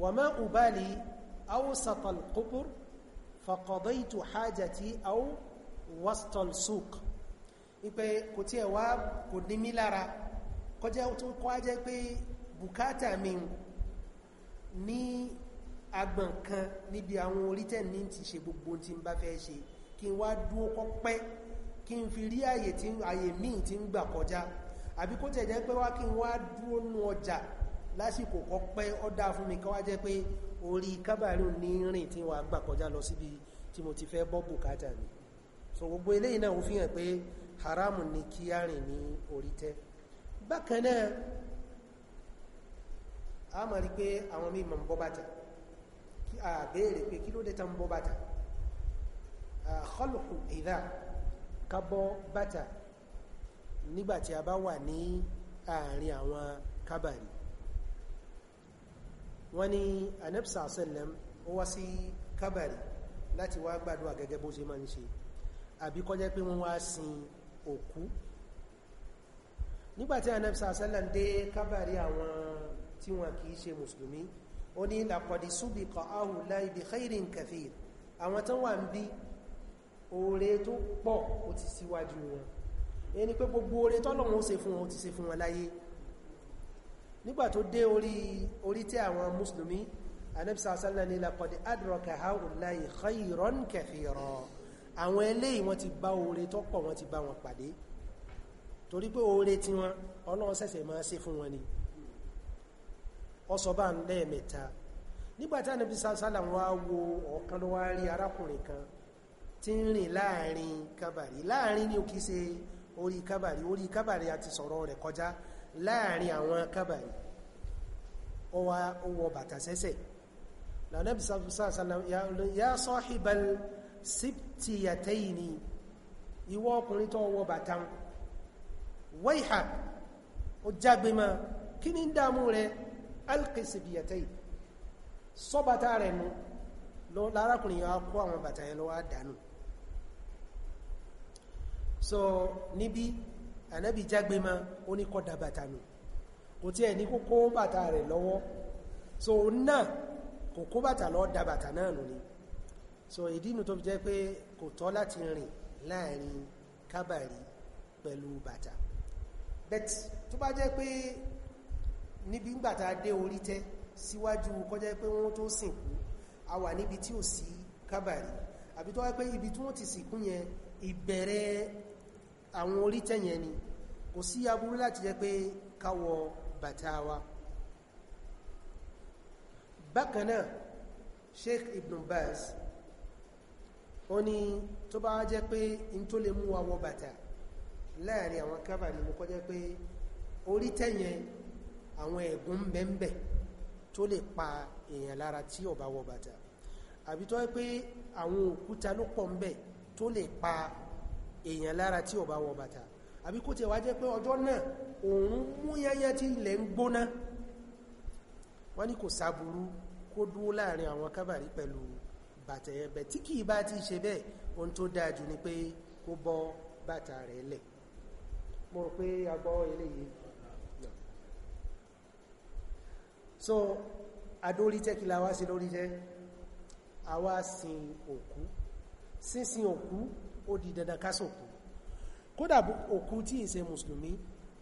wà má ubali awsatal qubur faqadaitu hajati aw wastal suq ipe kò tí ẹ̀ wá kò ní mí lára kọjá tó kọ́ ajẹ́ pé bùkátà mi ní agbọ̀n kan níbi àwọn orítẹ̀ ní ti ṣe gbogbo tí n bá fẹ́ ṣe kí n wá dúó kọ́ pẹ́ kí n fi rí àyè tí àyè míì tí ń gbà kọjá àbí kó tẹ̀ pé wá kí n wá dúó nú ọjà lásìkò kọ́ pẹ́ ó fún mi káwá jẹ́ pé orí kábàárì ní rìn tí wàá gbà kọjá lọ síbi tí mo ti fẹ́ bọ́ bùkátà mi so gbogbo eléyìí náà ó fi hàn pé haramu ni kí á rìn ní orí tẹ́ bákan náà a máa rí pé àwọn míì máa ń bọ́ bàtà a béèrè pé kí ló dé tá ń bọ́ bàtà خلق ìdá kábọ́ bàtà nígbàtí a bá wà ní àárín àwọn kábàrí wọ́n ní anẹ́bsà sẹ́lẹ̀m ó wá sí kábàrí láti wá gbàdúwà gẹ́gẹ́ bó ṣe máa ń ṣe àbí kó jẹ́ pé wọ́n wá sin òkú nígbàtí anẹ́bsà sẹ́lẹ̀m dé kábàrí àwọn tí wọn kìí khairin kẹfì àwọn tó wà ń oore tó pọ̀ ó ti síwájú wọn ẹni pé gbogbo oore tọ́lọ́run ó ṣe fún wọn ó ti ṣe fún wọn láyé nígbà tó dé orí orí tí àwọn mùsùlùmí anẹ́bísà sálà ní laqad adraka ha'ula'i khayran kathira àwọn eléyìí wọ́n ti bá oore tó pọ̀ wọ́n ti bá wọn pàdé torí pé oore tí wọn ọlọ́run máa ṣe fún wọn ni ọsọ bá ń lẹ́ẹ̀mẹ́ta nígbàtí anẹ́bísà sálà wọ́n á wo ọ̀kan ló rí arákùnrin kan tí ń rìn láàrin kábàrí láàrin ni ó kìí ṣe orí kábàrí orí kábàrí àti sọ̀rọ̀ rẹ̀ kọjá láàrin àwọn kábàrí ó wọ bàtà sẹ́sẹ̀ lọ́nàbí sàlám yá sọ́hìbal síptìyàtẹ́yìní ìwọ ọkùnrin tó wọ bàtà wáìhà ó jágbe ma kí ní dámú rẹ̀ alkìsìbìyàtẹ́yì so níbi ànábì jágbe ma ó ní kọ́ dàbàtà nù kò tí ẹ̀ ní kó kó bàtà rẹ̀ lọ́wọ́ so náà kò kó bàtà lọ dàbàtà náà nù ni so ìdí inú tó fi jẹ́ pé kò tọ́ láti rìn láàrin kábàrí pẹ̀lú bàtà bet tó bá jẹ́ pé níbi gbàtà dé orí tẹ́ síwájú kọjá pé wọ́n tó sìnkú a wà níbi tí ò sí kábàrí àbí tó wá pé ibi tí wọ́n ti sìnkú yẹn ìbẹ̀rẹ̀ àwọn orí tẹ̀yẹn ni kò sí aburú láti jẹ́ pé káwọ bàtà wa bákanáà Sheikh Ibn Baz ó ní tó bá jẹ́ pé in tó lè mú wa wọ bàtà láàrin àwọn kábà ní mọ́kọ́ jẹ́ pé orí àwọn ẹ̀gún bẹ́ẹ̀bẹ̀ tó lè pa èèyàn lára tí ó bá wọ bàtà àbí tó jẹ́ pé àwọn òkúta ló pọ̀ ń tó lè pa èèyàn lára tí ó bá wọ bàtà àbí kó tiẹ̀ wá jẹ́ pé ọjọ́ náà òun mú yányá tí ilẹ̀ ń gbóná wọ́n ní kò sáburú kó dúró láàrin àwọn kábàrí pẹ̀lú bàtà yẹn tí kìí bá ti ṣe bẹ́ẹ̀ ohun tó dáa jù ni pé kó bọ́ bàtà rẹ̀ lẹ̀ mo so adórí tẹ́ kí la wá sí lórí jẹ́ àwa òkú ó di dandan ká sòkú kódà òkú tí ìṣe mùsùlùmí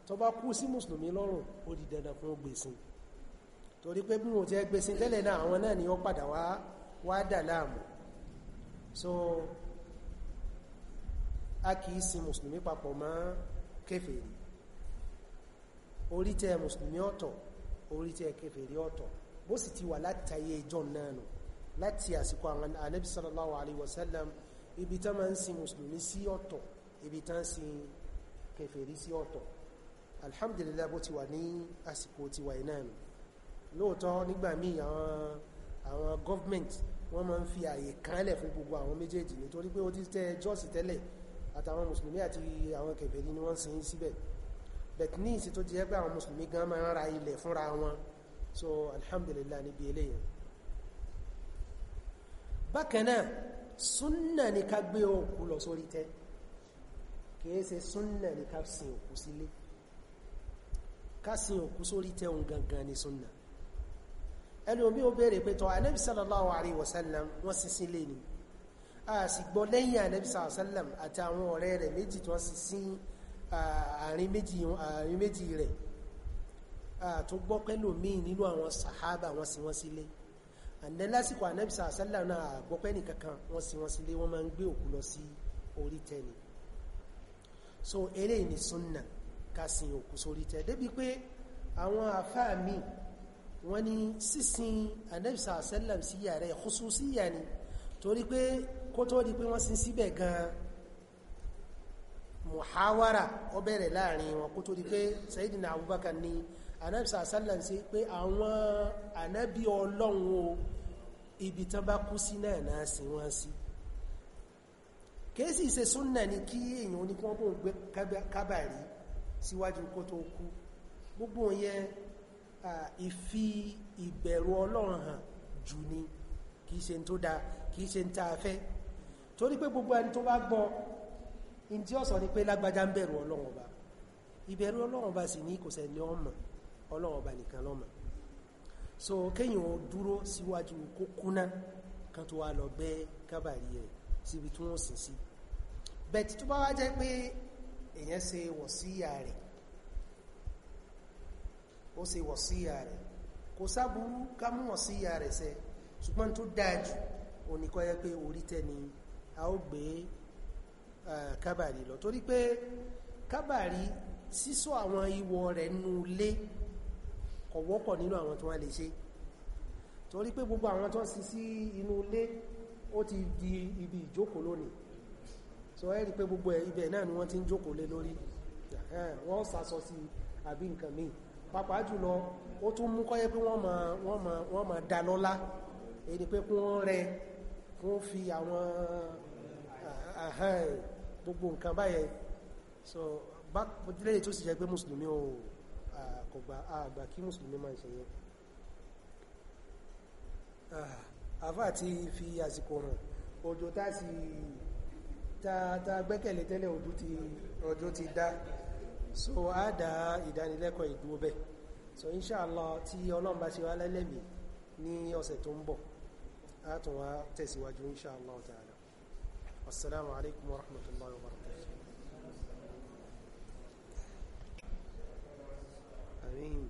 tó bá kú sí mùsùlùmí lọ́rùn ó di dandan fún gbèsìn torí pé bí wọn ti gbèsìn tẹ́lẹ̀ náà àwọn náà ni wọ́n padà wá dà láàmú so a kì í sin mùsùlùmí papọ̀ mọ́ kèfèrí orí tẹ mùsùlùmí ọ̀tọ̀ orí tẹ kèfèrí ọ̀tọ̀ bó sì ti wà láti ayé ìjọ náà nù láti àsìkò àwọn ànábì sallallahu alaihi wasallam ibi tán máa ń sin mùsùlùmí sí ọ̀tọ̀ ibi tán sin kèfèrí sí ọ̀tọ̀ alhamdulillah bó ti wà ní àsìkò ti wà iná nù lóòótọ́ nígbà àwọn government wọ́n máa ń fi àyè kánlẹ̀ fún gbogbo àwọn méjèèjì nítorí pé ó ti tẹ́ jọ́ọ̀sì tẹ́lẹ̀ àtàwọn mùsùlùmí àti àwọn kèfèrí ni wọ́n sin síbẹ̀ but ní tó jẹ́ pé àwọn mùsùlùmí gan máa ń ra ilẹ̀ fúnra wọn so alhamdulillah níbi eléyìí bákan náà súnnà ní ká gbé òkú lọ sórí tẹ́ kìí ṣe súnnà ní ká sin òkú sílé ká sin òkú sórí tẹ́ òun gangan ní súnnà ẹni omi ó bèèrè pé tọ́ anẹ́bí sallallahu alaihi wasallam wọ́n sin sílé ni a sì gbọ́ àndẹ́ lásìkò ànẹ́bìsà àṣálà náà àgbọ́pẹ́ nìkankan wọ́n sí wọ́n sílé wọ́n máa ń gbé òkú lọ sí orí tẹ́ni so eléyìí ni súnnà ká sin òkú sórí tẹ́ débi pé àwọn àfáà mi wọ́n ní sísin ànẹ́bìsà àṣálà sí yàrá ẹ̀kúsù sí yà ni torí pé kó tó di pé wọ́n sin síbẹ̀ gan muhawara ó bẹ̀rẹ̀ láàrin wọn kó tó di pé Sayyidina Abubakar ni ànẹ́bìsà àṣálà sí pé àwọn ànẹ́bí ọlọ́run o ibi tán bá kú sí náà náà sin wọ́n sí kéèsì ìṣe súnnà ni kí èèyàn ní kí wọ́n bóun gbé kábàrí síwájú kó tó kú gbogbo yẹn ìfi ìbẹ̀rù ọlọ́run hàn jù ni kìí ṣe tó dáa kìí ṣe tá a fẹ́ torí pé gbogbo ẹni tó bá gbọ́ in tí ó sọ ni pé lágbájá ń bẹ̀rù ọlọ́run ọba ìbẹ̀rù ọlọ́run ọba sì ní kò sẹ́ni ọmọ ọlọ́run ọba nìkan lọ́mọ so kéyìn ó dúró síwájú kó kúná kan tó wá lọ gbẹ́ kábàrí rẹ̀ síbi tí wọ́n sì sí bẹ̀tì tó bá wá jẹ́ pé èyàn ṣe wọ̀síyà rẹ̀ ó ṣe wọ̀síyà rẹ̀ kò sáburú ká mú wọ̀síyà rẹ̀ ṣẹ ṣùgbọ́n tó dájú oníkọ́ yẹ pé orí tẹ́ni a ó gbé kábàrí lọ torí pé kábàrí sísọ àwọn ìwọ rẹ̀ nú lé kò wọ́pọ̀ nínú àwọn tó wá lè ṣe torí pé gbogbo àwọn tó sì sí inú ilé ó ti di ibi ìjókòó lónìí so ẹ́ rí pé gbogbo ibẹ̀ náà ni wọ́n ti ń jókòó lé lórí wọ́n sàsọ sí àbí nǹkan míì pàápàá jùlọ ó tún mú kọ́yẹ́ pé wọ́n máa wọ́n máa wọ́n máa dá lọ́lá èdè pé kún wọ́n rẹ fún fi àwọn gbogbo nǹkan báyẹn so bá lẹ́yìn tó sì jẹ́ pé mùsùlùmí o. Oh kò gba àgbà kí mùsùlùmí máa ń ṣe yẹn ah, àfà ti fi àsìkò hàn òjò tá sì ta gbẹ́kẹ̀lé tẹ́lẹ̀ òjò ti dá so a dá ìdánilẹ́kọ̀ọ́ ìdúró bẹ́ẹ̀ so inṣàlá tí ọlọ́run bá ṣe wá lẹ́lẹ́mì ní ọ̀sẹ̀ tó ń bọ̀ a tún wá tẹ̀síwájú inṣàlá ta'ala assalamu alaikum warahmatullahi wabarakatuh Amém.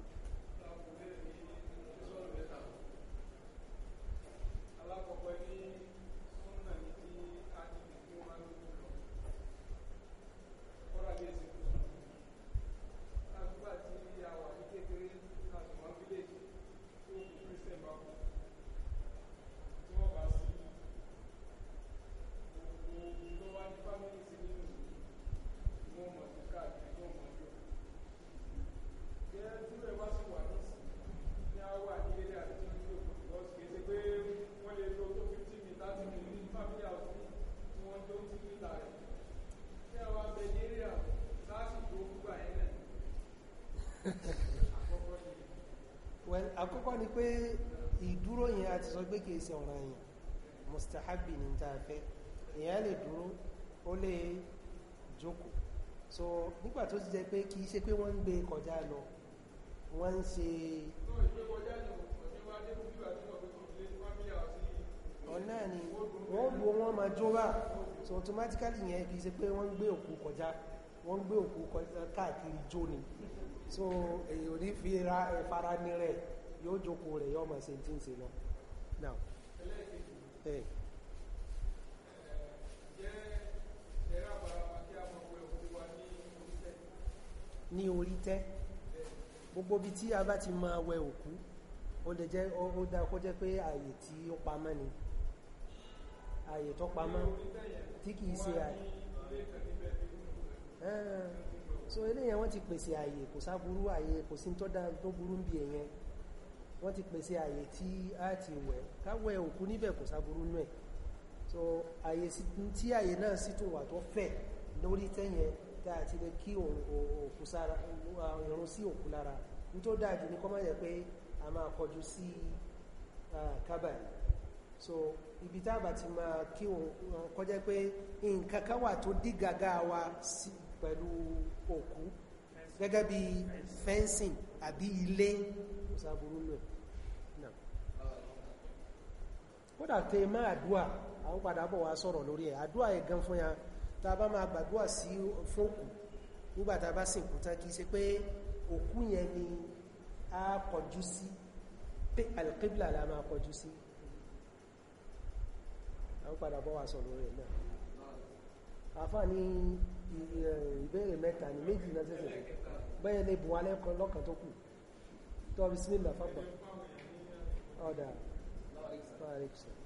sọ pé kìí ṣe ọ̀ràn èèyàn mustahabi ní ta fẹ́ èèyàn lè dúró ó lè jókòó so nígbà tó ti jẹ́ pé kìí ṣe pé wọ́n ń gbé kọjá lọ wọ́n ń ṣe ọ̀nà ni wọ́n lu wọ́n máa jóra so automatically yẹn kìí ṣe pé wọ́n ń gbé òkú kọjá wọ́n ń gbé òkú kọjá káàkiri jó ni so èyí ò ní fi ra ẹ̀fara ní rẹ̀ yóò jókòó rẹ̀ yóò máa ṣe tí ń ṣe náà now. Hey. ní orí tẹ́ gbogbo bí tí a bá ti máa wẹ òkú ó lè jẹ́ ó dá kó jẹ́ pé ààyè tí ó pamọ́ ni ààyè tó pamọ́ tí kìí ṣe ààyè so eléyàn wọ́n ti pèsè ààyè kò sáburú ààyè kò sí tó burú ń bí èyàn wọ́n ti pèsè àyè tí a ti wẹ̀ káwẹ̀ òkú níbẹ̀ kò sáburú nú ẹ̀ so àyè tí àyè náà sì tún wà tó fẹ̀ lórí tẹ́yẹn tá a ti lè kí òkú sára ìrun sí òkú lára ní tó dájú ní kọ́mọ́ yẹ pé a máa kọjú sí kábàlì so ibi tá a bá ti máa kí kọjá pé nǹkan kan wà tó dí gàgá wa pẹ̀lú òkú gẹ́gẹ́ bí fẹ́ǹsìn àbí ilé kò sáburú nú ẹ̀ kódà tẹ má àdúà àwọn padà bọ̀ wá sọ̀rọ̀ lórí ẹ̀ àdúà ẹ̀ gan fún ya tá a bá máa gbàdúà sí fún òkú nígbà tá a bá sìnkú tán kì í pé òkú yẹn ni a kọjú sí pé alqibla la máa kọjú sí àwọn padà bọ̀ wá sọ̀rọ̀ lórí ẹ̀ náà àfáà ní ìbéèrè mẹ́ta ní méjì náà tẹ́tẹ̀ bẹ́ẹ̀ ni buwalẹ́ lọ́kàn tó kù tọ́ bismillah fápá ọ̀dà. Parikshit.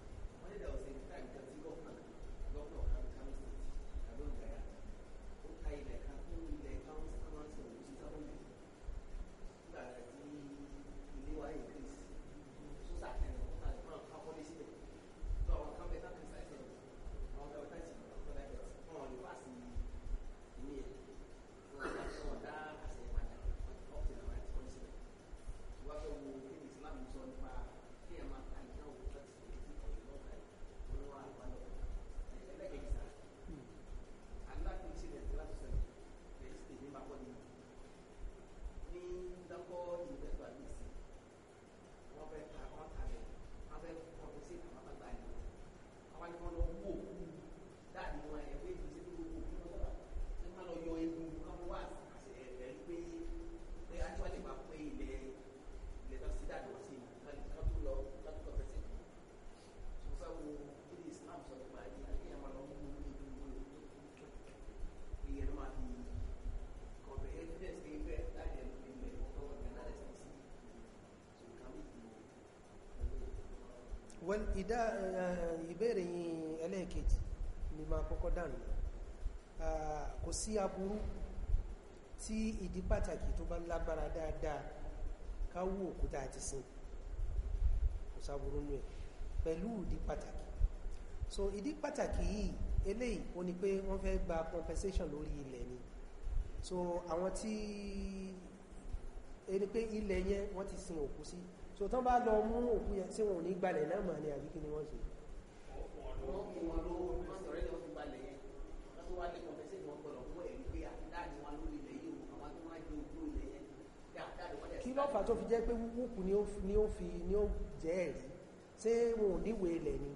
ìdá eh, ìbéèrè yìí ẹlẹ́ẹ̀kejì ni ma kọ́kọ́ dànù ah, kò sí aburú tí ìdí pàtàkì tó bá lágbára dáadáa ká wú òkúta àti sin kò sáburú nù ẹ̀ pẹ̀lú ìdí pàtàkì so ìdí pàtàkì yìí eléyìí ó ní pé wọ́n fẹ́ gba compensation lórí ilẹ̀ ni so àwọn tí ẹni pé ilẹ̀ yẹn wọ́n ti sin òkú sí so tán bá lọ mú òkú yẹn sí wọn ò ní gbalẹ̀ náà mà ní àbíkí ni wọ́n ṣe kí ló fà tó fi jẹ́ pé wúkú ni ó fi ni ó jẹ́ ẹ̀rí ṣé wọn ò níwèé ilẹ̀ ni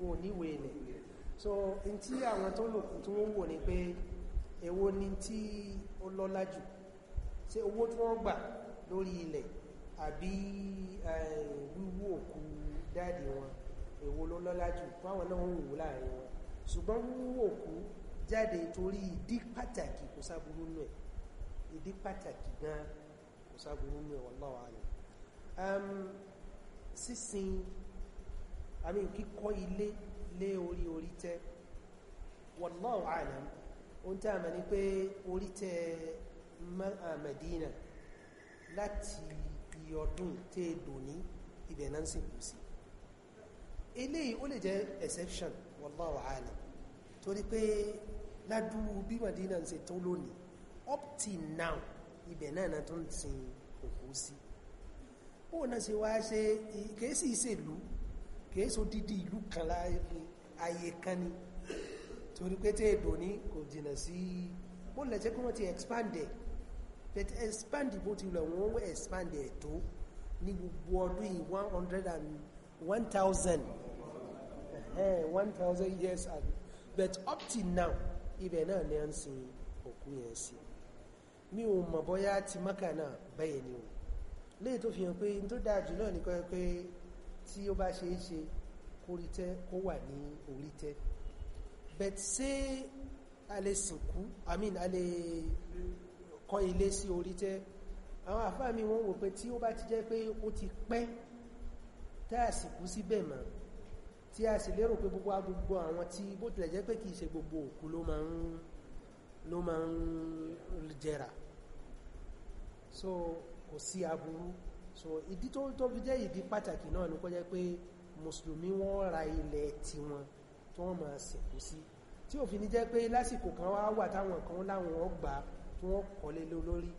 wọn ò níwèé ilẹ̀ so n tí àwọn tó lòkù tí wọ́n wò ni pé èwo ni tí ó lọ́lá jù ṣé owó tí wọ́n gbà lórí ilẹ̀ àbí wíwú òkú dáàdì wọn èwo ló lọ́lá jù fáwọn náà ń wò láàrin wọn ṣùgbọ́n wíwú òkú jáde torí ìdí pàtàkì kò sáburú nù ẹ̀ ìdí pàtàkì gan kò sáburú nù ẹ̀ wallahu alim sísin àmì kíkọ́ ilé lé orí orí tẹ́ wallahu alim ohun tí a mọ̀ ní pé orí tẹ́ Madina láti iye ọdún tí è dò ní ibẹ̀ náà sì kú sí eléyìí ó lè jẹ́ exception wallahu alam torí pé ládúrú bí Madina ń ṣe tó lónìí up to now ibẹ̀ náà náà tó ń sin òkú sí ó náà ṣe wá ṣe kèésì ìṣèlú kèésì odidi ìlú kan láàyè kan ni torí pé tí èdò ní kò jìnà sí mo lẹ̀ jẹ́ kí ti expand it That expand bó ti lọ wọ́n expand ẹ̀ tó ní gbogbo ọdún yìí one hundred and one thousand one thousand years and but up till now ibẹ̀ náà ni a ń sin òkú yẹn sí mi ò mọ̀ bóyá ti mọ́kà náà bẹ́ẹ̀ ni o léè tó fi hàn pé tó dáa jù náà nìkan pé tí ó bá ṣe é ṣe kó rí tẹ́ kó wà ní orí tẹ́ but ṣé a lè sìnkú i mean a lè. Mm kọ́ ilé sí orí tẹ́ àwọn àfáàmì wọn wò pé tí ó bá ti jẹ́ pé ó ti pẹ́ táàsìkú síbẹ̀ mọ́ tí a sì lérò pé gbogbo agbogbo àwọn tí bó tilẹ̀ jẹ́ pé kìí ṣe gbogbo òkú ló máa ń ló máa ń jẹrà so kò sí aburú so ìdí tó tó fi jẹ́ ìdí pàtàkì náà ni kó jẹ́ pé mùsùlùmí wọ́n ra ilẹ̀ tiwọn tó wọ́n máa sìnkú sí tí òfin ní jẹ́ pé lásìkò kan wá wà táwọn kan láwọn ọgbà tí wọ́n lórí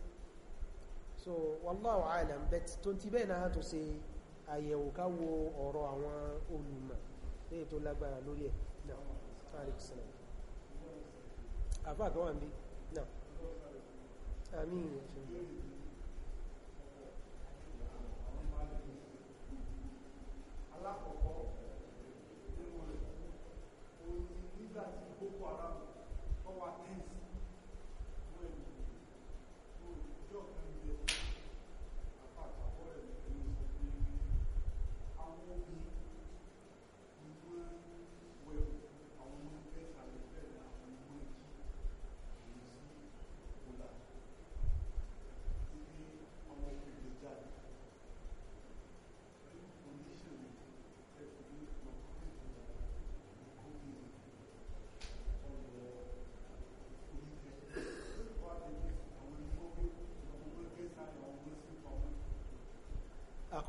so wallahu alam bet tó ti bẹ́ẹ̀ náà tó ṣe àyẹ̀wò ká ọ̀rọ̀ àwọn olùmọ̀ léè tó lágbára lórí ẹ̀ náà àfáà kan wà ń nígbà tí Boko Haram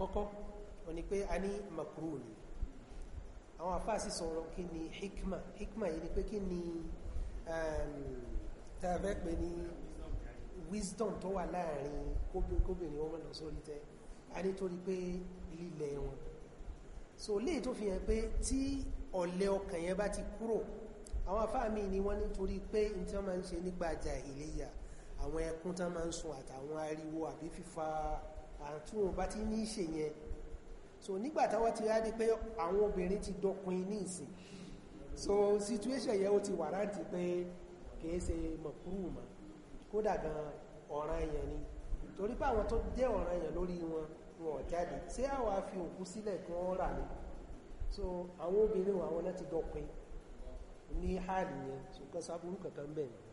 àkọ́kọ́ wọn ni pé a ní makruh ni àwọn àfáà sì sọ̀rọ̀ kí ni hikma hikma yìí ni pé kí ni ehm, tàbẹ́ pé ní wisdom tó wà láàrin kóbìnrin wọn lọ sórí tẹ́ a nítorí pé lílẹ̀ wọn so léè tó fi hàn pé tí ọ̀lẹ ọkàn yẹn bá ti kúrò àwọn àfáà mi ni wọ́n nítorí pé tí wọ́n máa ń ṣe nígbà jà ìléyà àwọn ẹkún tán máa ń sun àtàwọn ariwo àbí fífa àti wọn bá ti ní í ṣe yẹn so nígbà táwọn ti rá di pé àwọn obìnrin ti dọkùn ní ìsìn so situation yẹn ó ti wà láti pé kìí ṣe mọ̀kúrú mọ́ kódà gan ọ̀ràn yẹn ni torí pé àwọn tó jẹ́ ọ̀ràn yẹn lórí wọn wọn ò jáde ṣé àwọn á fi òkú sílẹ̀ kí wọ́n rà ní so àwọn obìnrin wọn àwọn náà ti dọkùn ní hàlì yẹn so kọ́sá kankan bẹ́ẹ̀ ni.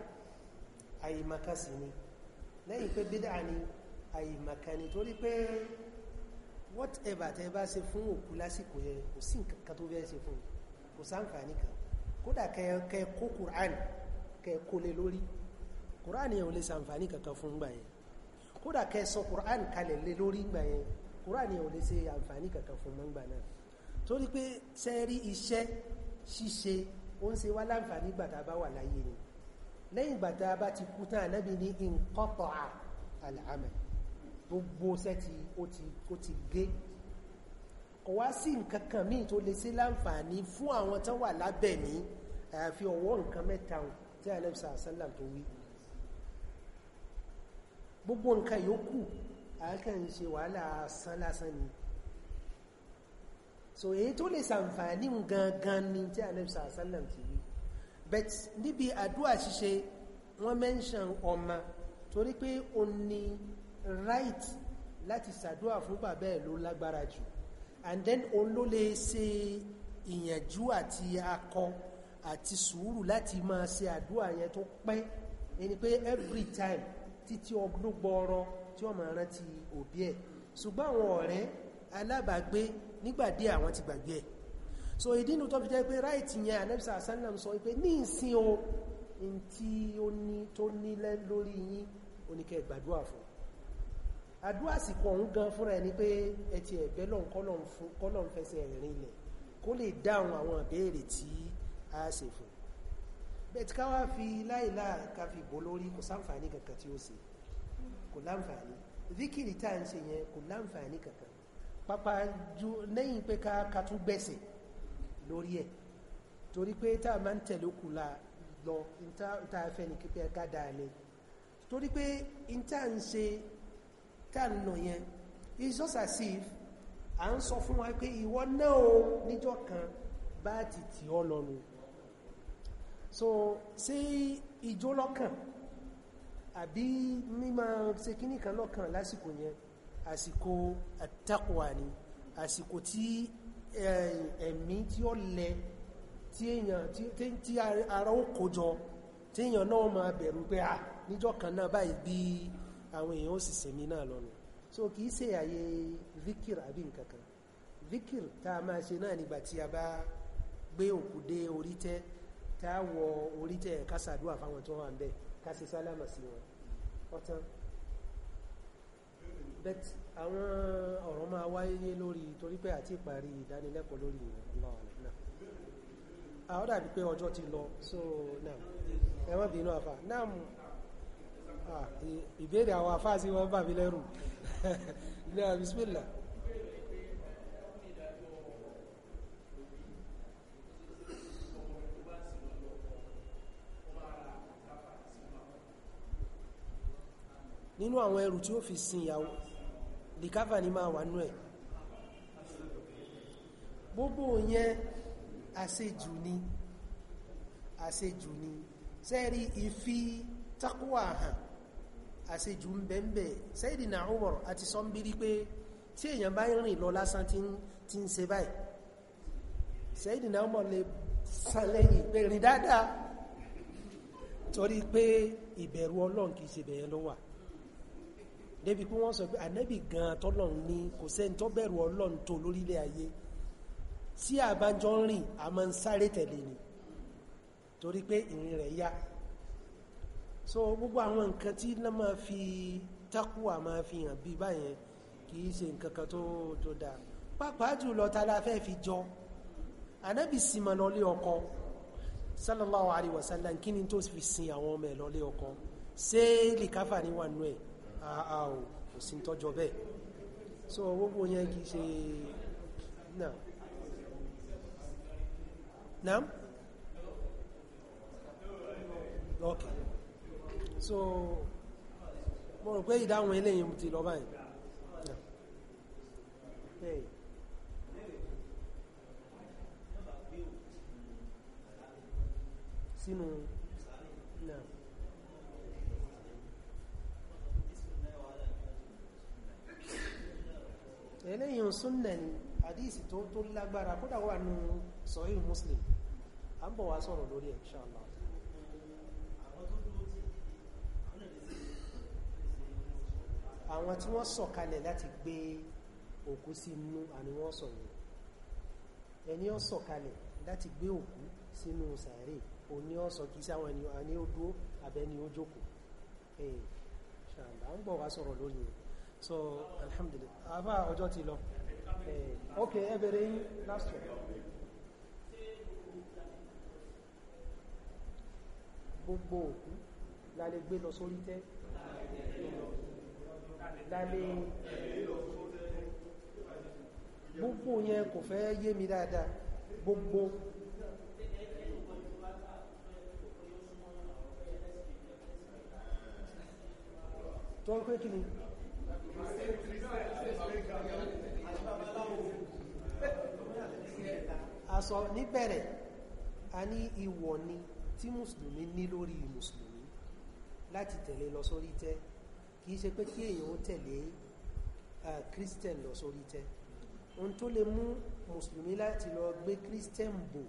àìmọ̀kan sì ni lẹ́yìn pé bídà ni àìmọ̀kan ni torí pé whatever tẹ bá ṣe fún òkú lásìkò yẹn kò sí nǹkan tó fẹ́ ṣe fún kò sáǹfààní kan kódà kẹ kó kùránì kẹ kó lé lórí kùránì yẹn ò lè sàǹfààní kankan fún gbà yẹn kódà kẹ sọ kùránì kalẹ̀ lé lórí gbà yẹn kùránì yẹn ò lè ṣe àǹfààní kankan fún gbà náà torí pé sẹ́rí iṣẹ́ ṣíṣe ó ń ṣe wá láǹfààní gbà tá a bá wà láyé ni lẹ́yìn ìgbà tá a bá ti kú tán ànábì ní inqata'a al-amal gbogbo ṣẹ́ ti ó ti gé kò wá sí nǹkan kan míì tó lè ṣe láǹfààní fún àwọn tán wà lábẹ́ ní àyàfi ọwọ́ nǹkan mẹ́ta tí ànábì sàásálàm tó wí gbogbo nǹkan yòókù àákàn ń ṣe wàhálà asán lásán ni so èyí tó lè ṣàǹfààní gangan ni tí ànábì sàásálàm ti wí but níbi àdúrà ṣíṣe wọ́n mention ọmọ torí pé o ní right láti sàdúrà fún bàbá ẹ̀ ló lágbára jù and then o ló lè ṣe ìyànjú àti akọ àti sùúrù láti máa ṣe àdúrà yẹn tó pẹ́ ẹni pé every time títí ọdún gbọ́ọ̀rọ̀ tí wọ́n máa rántí òbí ẹ̀ ṣùgbọ́n àwọn ọ̀rẹ́ alábàágbé nígbàdí àwọn ti gbàgbé ẹ̀ so ìdínú tó fi jẹ́ pé ráìtì yẹn ànẹ́bìsà sálàm sọ pé ní ìsìn o in tí ó ní tó nílẹ̀ lórí yín oníkẹ́ gbàdúrà fún àdúrà sì kọ̀ ń gan fúnra ẹni pé ẹ ti ẹ̀bẹ́ lọ́n kọ́lọ̀ ń fẹsẹ̀ rìn ilẹ̀ kó lè dáhùn àwọn ìbéèrè tí a ṣe fún bẹ́ẹ̀tì ká wá fi láìláà ká fi bò lórí kò sáǹfààní kankan tí ó ṣe kò láǹfààní zikiri tá à ń ṣe yẹn kò láǹfààní kankan pápá ju lẹ́yìn pé ká tún gbẹ̀sẹ̀ lórí ẹ̀ torí pé tá a máa ń tẹ̀lé òkú la lọ tá a fẹ́ ni pípẹ́ ká dáa ni torí pé n tá ń ṣe tá ń nà yẹn it's just as if à ń sọ fún wa pé ìwọ náà o níjọ́ kan bá ti tì ọ́ lọ́nu so ṣé ìjó lọ́kàn àbí mímọ̀ ṣe kíní kan lọ́kàn lásìkò yẹn àsìkò àtàkùwà ni àsìkò tí Eh, ẹ̀mí tí ó lẹ tí èyàn tí ara ó kójọ tí èyàn náà máa bẹ̀rù pé à ah, níjọ́ kan náà báyìí bí àwọn èèyàn ó sì sẹ̀mí náà lọ́nà so kìí ṣe àyè vikir àbí nkankan vikir tá a máa ṣe náà nígbà tí a bá gbé òkú dé orí tá a wọ orí tẹ́ ká ṣàdúrà fáwọn tó wà ń bẹ̀ ká sálámà sí wọn ọ̀tán bẹ́ẹ̀ àwọn ọ̀rọ̀ máa wáyé lórí torí pé àti ìparí ìdánilẹ́kọ̀ọ́ lórí ọlọ́ọ̀lẹ́ náà àwọn dàbí pé ọjọ́ ti lọ so náà ẹ má bínú àfà náà mú ìbéèrè àwọn àfà sí wọn bà mí lẹ́rù náà bismillah. nínú àwọn ẹrù tí ó fi sin ìyàwó dìkáfà ní máa wà nú ẹ̀ gbogbo yẹn àṣejù ni àṣejù ni sẹ́rí ìfi takuwa hàn àṣejù ń bẹ̀m̀bẹ̀ sẹ́rí na Umar àti sọ́mbírí pé tí èyàn bá rìn lọ lásán tí ń ṣe báyìí sẹ́rí na Umar lè sàn lẹ́yìn pé rìn dáadáa torí pé ìbẹ̀rù Ọlọ́run kìí bẹ̀yẹn ló débi pé wọ́n sọ pé ànábì gan tọ́lọ́run ní kò sẹ́ni tó bẹ̀rù ọlọ́run tó lórílẹ̀ ayé tí àbájọ ń rìn a máa ń sáré tẹ̀lé ni torí pé ìrìn rẹ̀ yá so gbogbo àwọn nǹkan tí náà máa fi tákùwà máa fi hàn bí báyẹn kì í ṣe nǹkan kan tó dáa pàápàá jùlọ ta la fẹ́ fi jọ ànábì sima lọlé ọkọ sallallahu alaihi wasallam kí ni tó fi sin àwọn ọmọ ẹ̀ lọlé ọkọ ṣé lìkáfà ni wà nú àà ò kò sí tọ́jọ bẹ́ẹ̀ so gbogbo yẹn kìí ṣe náà náà ok so mo rò pé ìdáhùn eléyìí mo ti lọ báyìí Hey. sínú eléyìí ń súnnà ni àdíìsì tó tó lágbára kódà wà nù sọ́hí muslim a ń bọ̀ wá sọ̀rọ̀ lórí ẹ̀ ṣáàlá àwọn tí wọ́n sọ̀kalẹ̀ láti gbé òkú sínú àni wọ́n sọ̀rọ̀ ẹni ó sọ̀kalẹ̀ láti gbé òkú sínú sàárè òní ó sọ kìí sáwọn ẹni ó dúó àbẹ́ni ó jókòó ẹ̀ ṣáàlá a ń bọ̀ wá sọ̀rọ̀ lórí ẹ̀ so alhamdulillah àbá ọjọ́ ti lọ eh, ok ẹ bẹ̀rẹ̀ last one gbogbo òkú la lè gbé lọ sórí tẹ́ la lè gbogbo yẹn kò fẹ́ yé mi dáadáa gbogbo tó pé kí ni aṣọ níbẹ̀rẹ̀ a ní ìwọ̀ ni tí mùsùlùmí ní lórí mùsùlùmí láti tẹ̀lé lọ sórí tẹ́ kìí ṣe pé kí èèyàn ó tẹ̀lé christian lọ sórí tẹ́ ohun tó lè mú mùsùlùmí láti lọ gbé christian bò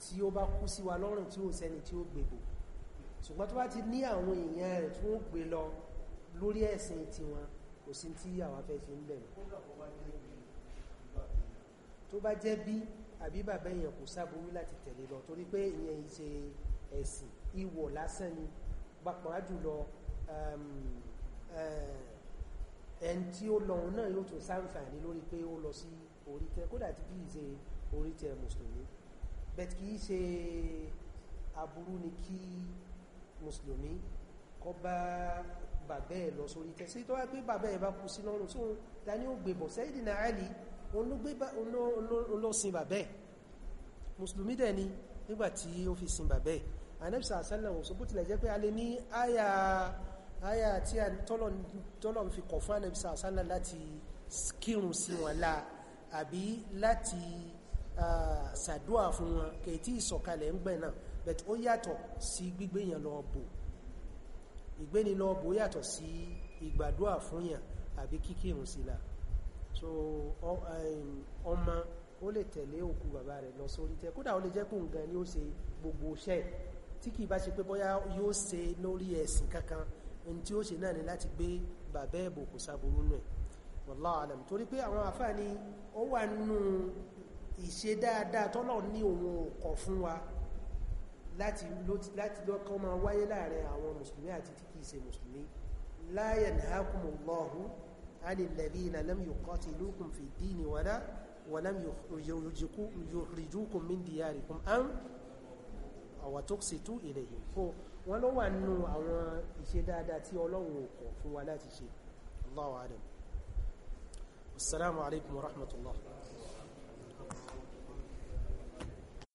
tí ó bá kú sí wa lọ́rùn tí ó sẹ́ni tí ó gbé bò ṣùgbọ́n tó bá ti ní àwọn èèyàn rẹ̀ tí wọ́n gbé lọ lórí ẹ̀sìn tiwọn kò sí tí àwọn afẹ́ ṣe ń bẹ̀ mọ́ tó bá jẹ́ bí àbí bàbá èèyàn kò sábòwí láti tẹ̀lé lọ torí pé ìyẹn ìṣe ẹ̀sìn ìwọ̀ lásán ni pàápàá jùlọ ẹni tí ó lọ òun náà yóò tún sáǹfààní lórí pé ó lọ sí orí kódà tí bí ìṣe orí mùsùlùmí bẹ́ẹ̀ kì í ṣe aburú ni kí mùsùlùmí kó bá bàbá ẹ̀ lọ sórí tẹ́ sí tó wá pé bàbá ẹ̀ bá kú sí lọ́rùn tó ta ó gbèbọ̀ Sayyidina Ali olóòsìn bàbá ẹ̀ mùsùlùmí dẹ̀ ni nígbàtí ó fi sin bàbá ẹ̀ anẹ́bìsà àṣálà òsò bó tilẹ̀ jẹ́ pé a lè ní àyà àyà tí tọ́lọ̀ fi kọ̀ fún anẹ́bìsà àṣálà láti kírun sí wọn la àbí láti ṣàdúà fún wọn kèétí ìsọ̀kalẹ̀ ń gbẹ̀ náà bẹ̀t ó yàtọ̀ sí gbígbéyàn lọ bò ìgbéni lọ bó yàtọ̀ sí ìgbàdúà fúnyàn àbí kíkírun sílá so ọmọ ó lè tẹ̀lé òkú bàbá rẹ̀ lọ sórí tẹ́ kódà ó lè jẹ́ kó nǹkan ni ó ṣe gbogbo iṣẹ́ tí kìí bá ṣe pé bóyá yóò ṣe lórí ẹ̀sìn kankan ohun tí ó ṣe náà ni láti gbé bàbá ẹ̀bò kò sáburú nù ẹ̀ wallahu alam torí pé àwọn àfáà ni ó wà nínú ìṣe dáadáa tọ́lọ̀ ní òun ò kọ̀ fún wa láti lọ́kọ́ máa wáyé láàrin àwọn mùsùlùmí àti tí kìí ṣe mùsùlùmí la yanhakumullahu anil ladhina lam yuqatilukum fi ddini wala wa lam yukhrijukum min diyarikum an aw tuqsitu ilayhim kó wọ́n ló wà nínú àwọn ìṣe dáadáa tí ọlọ́run ò kọ̀ fún wa láti ṣe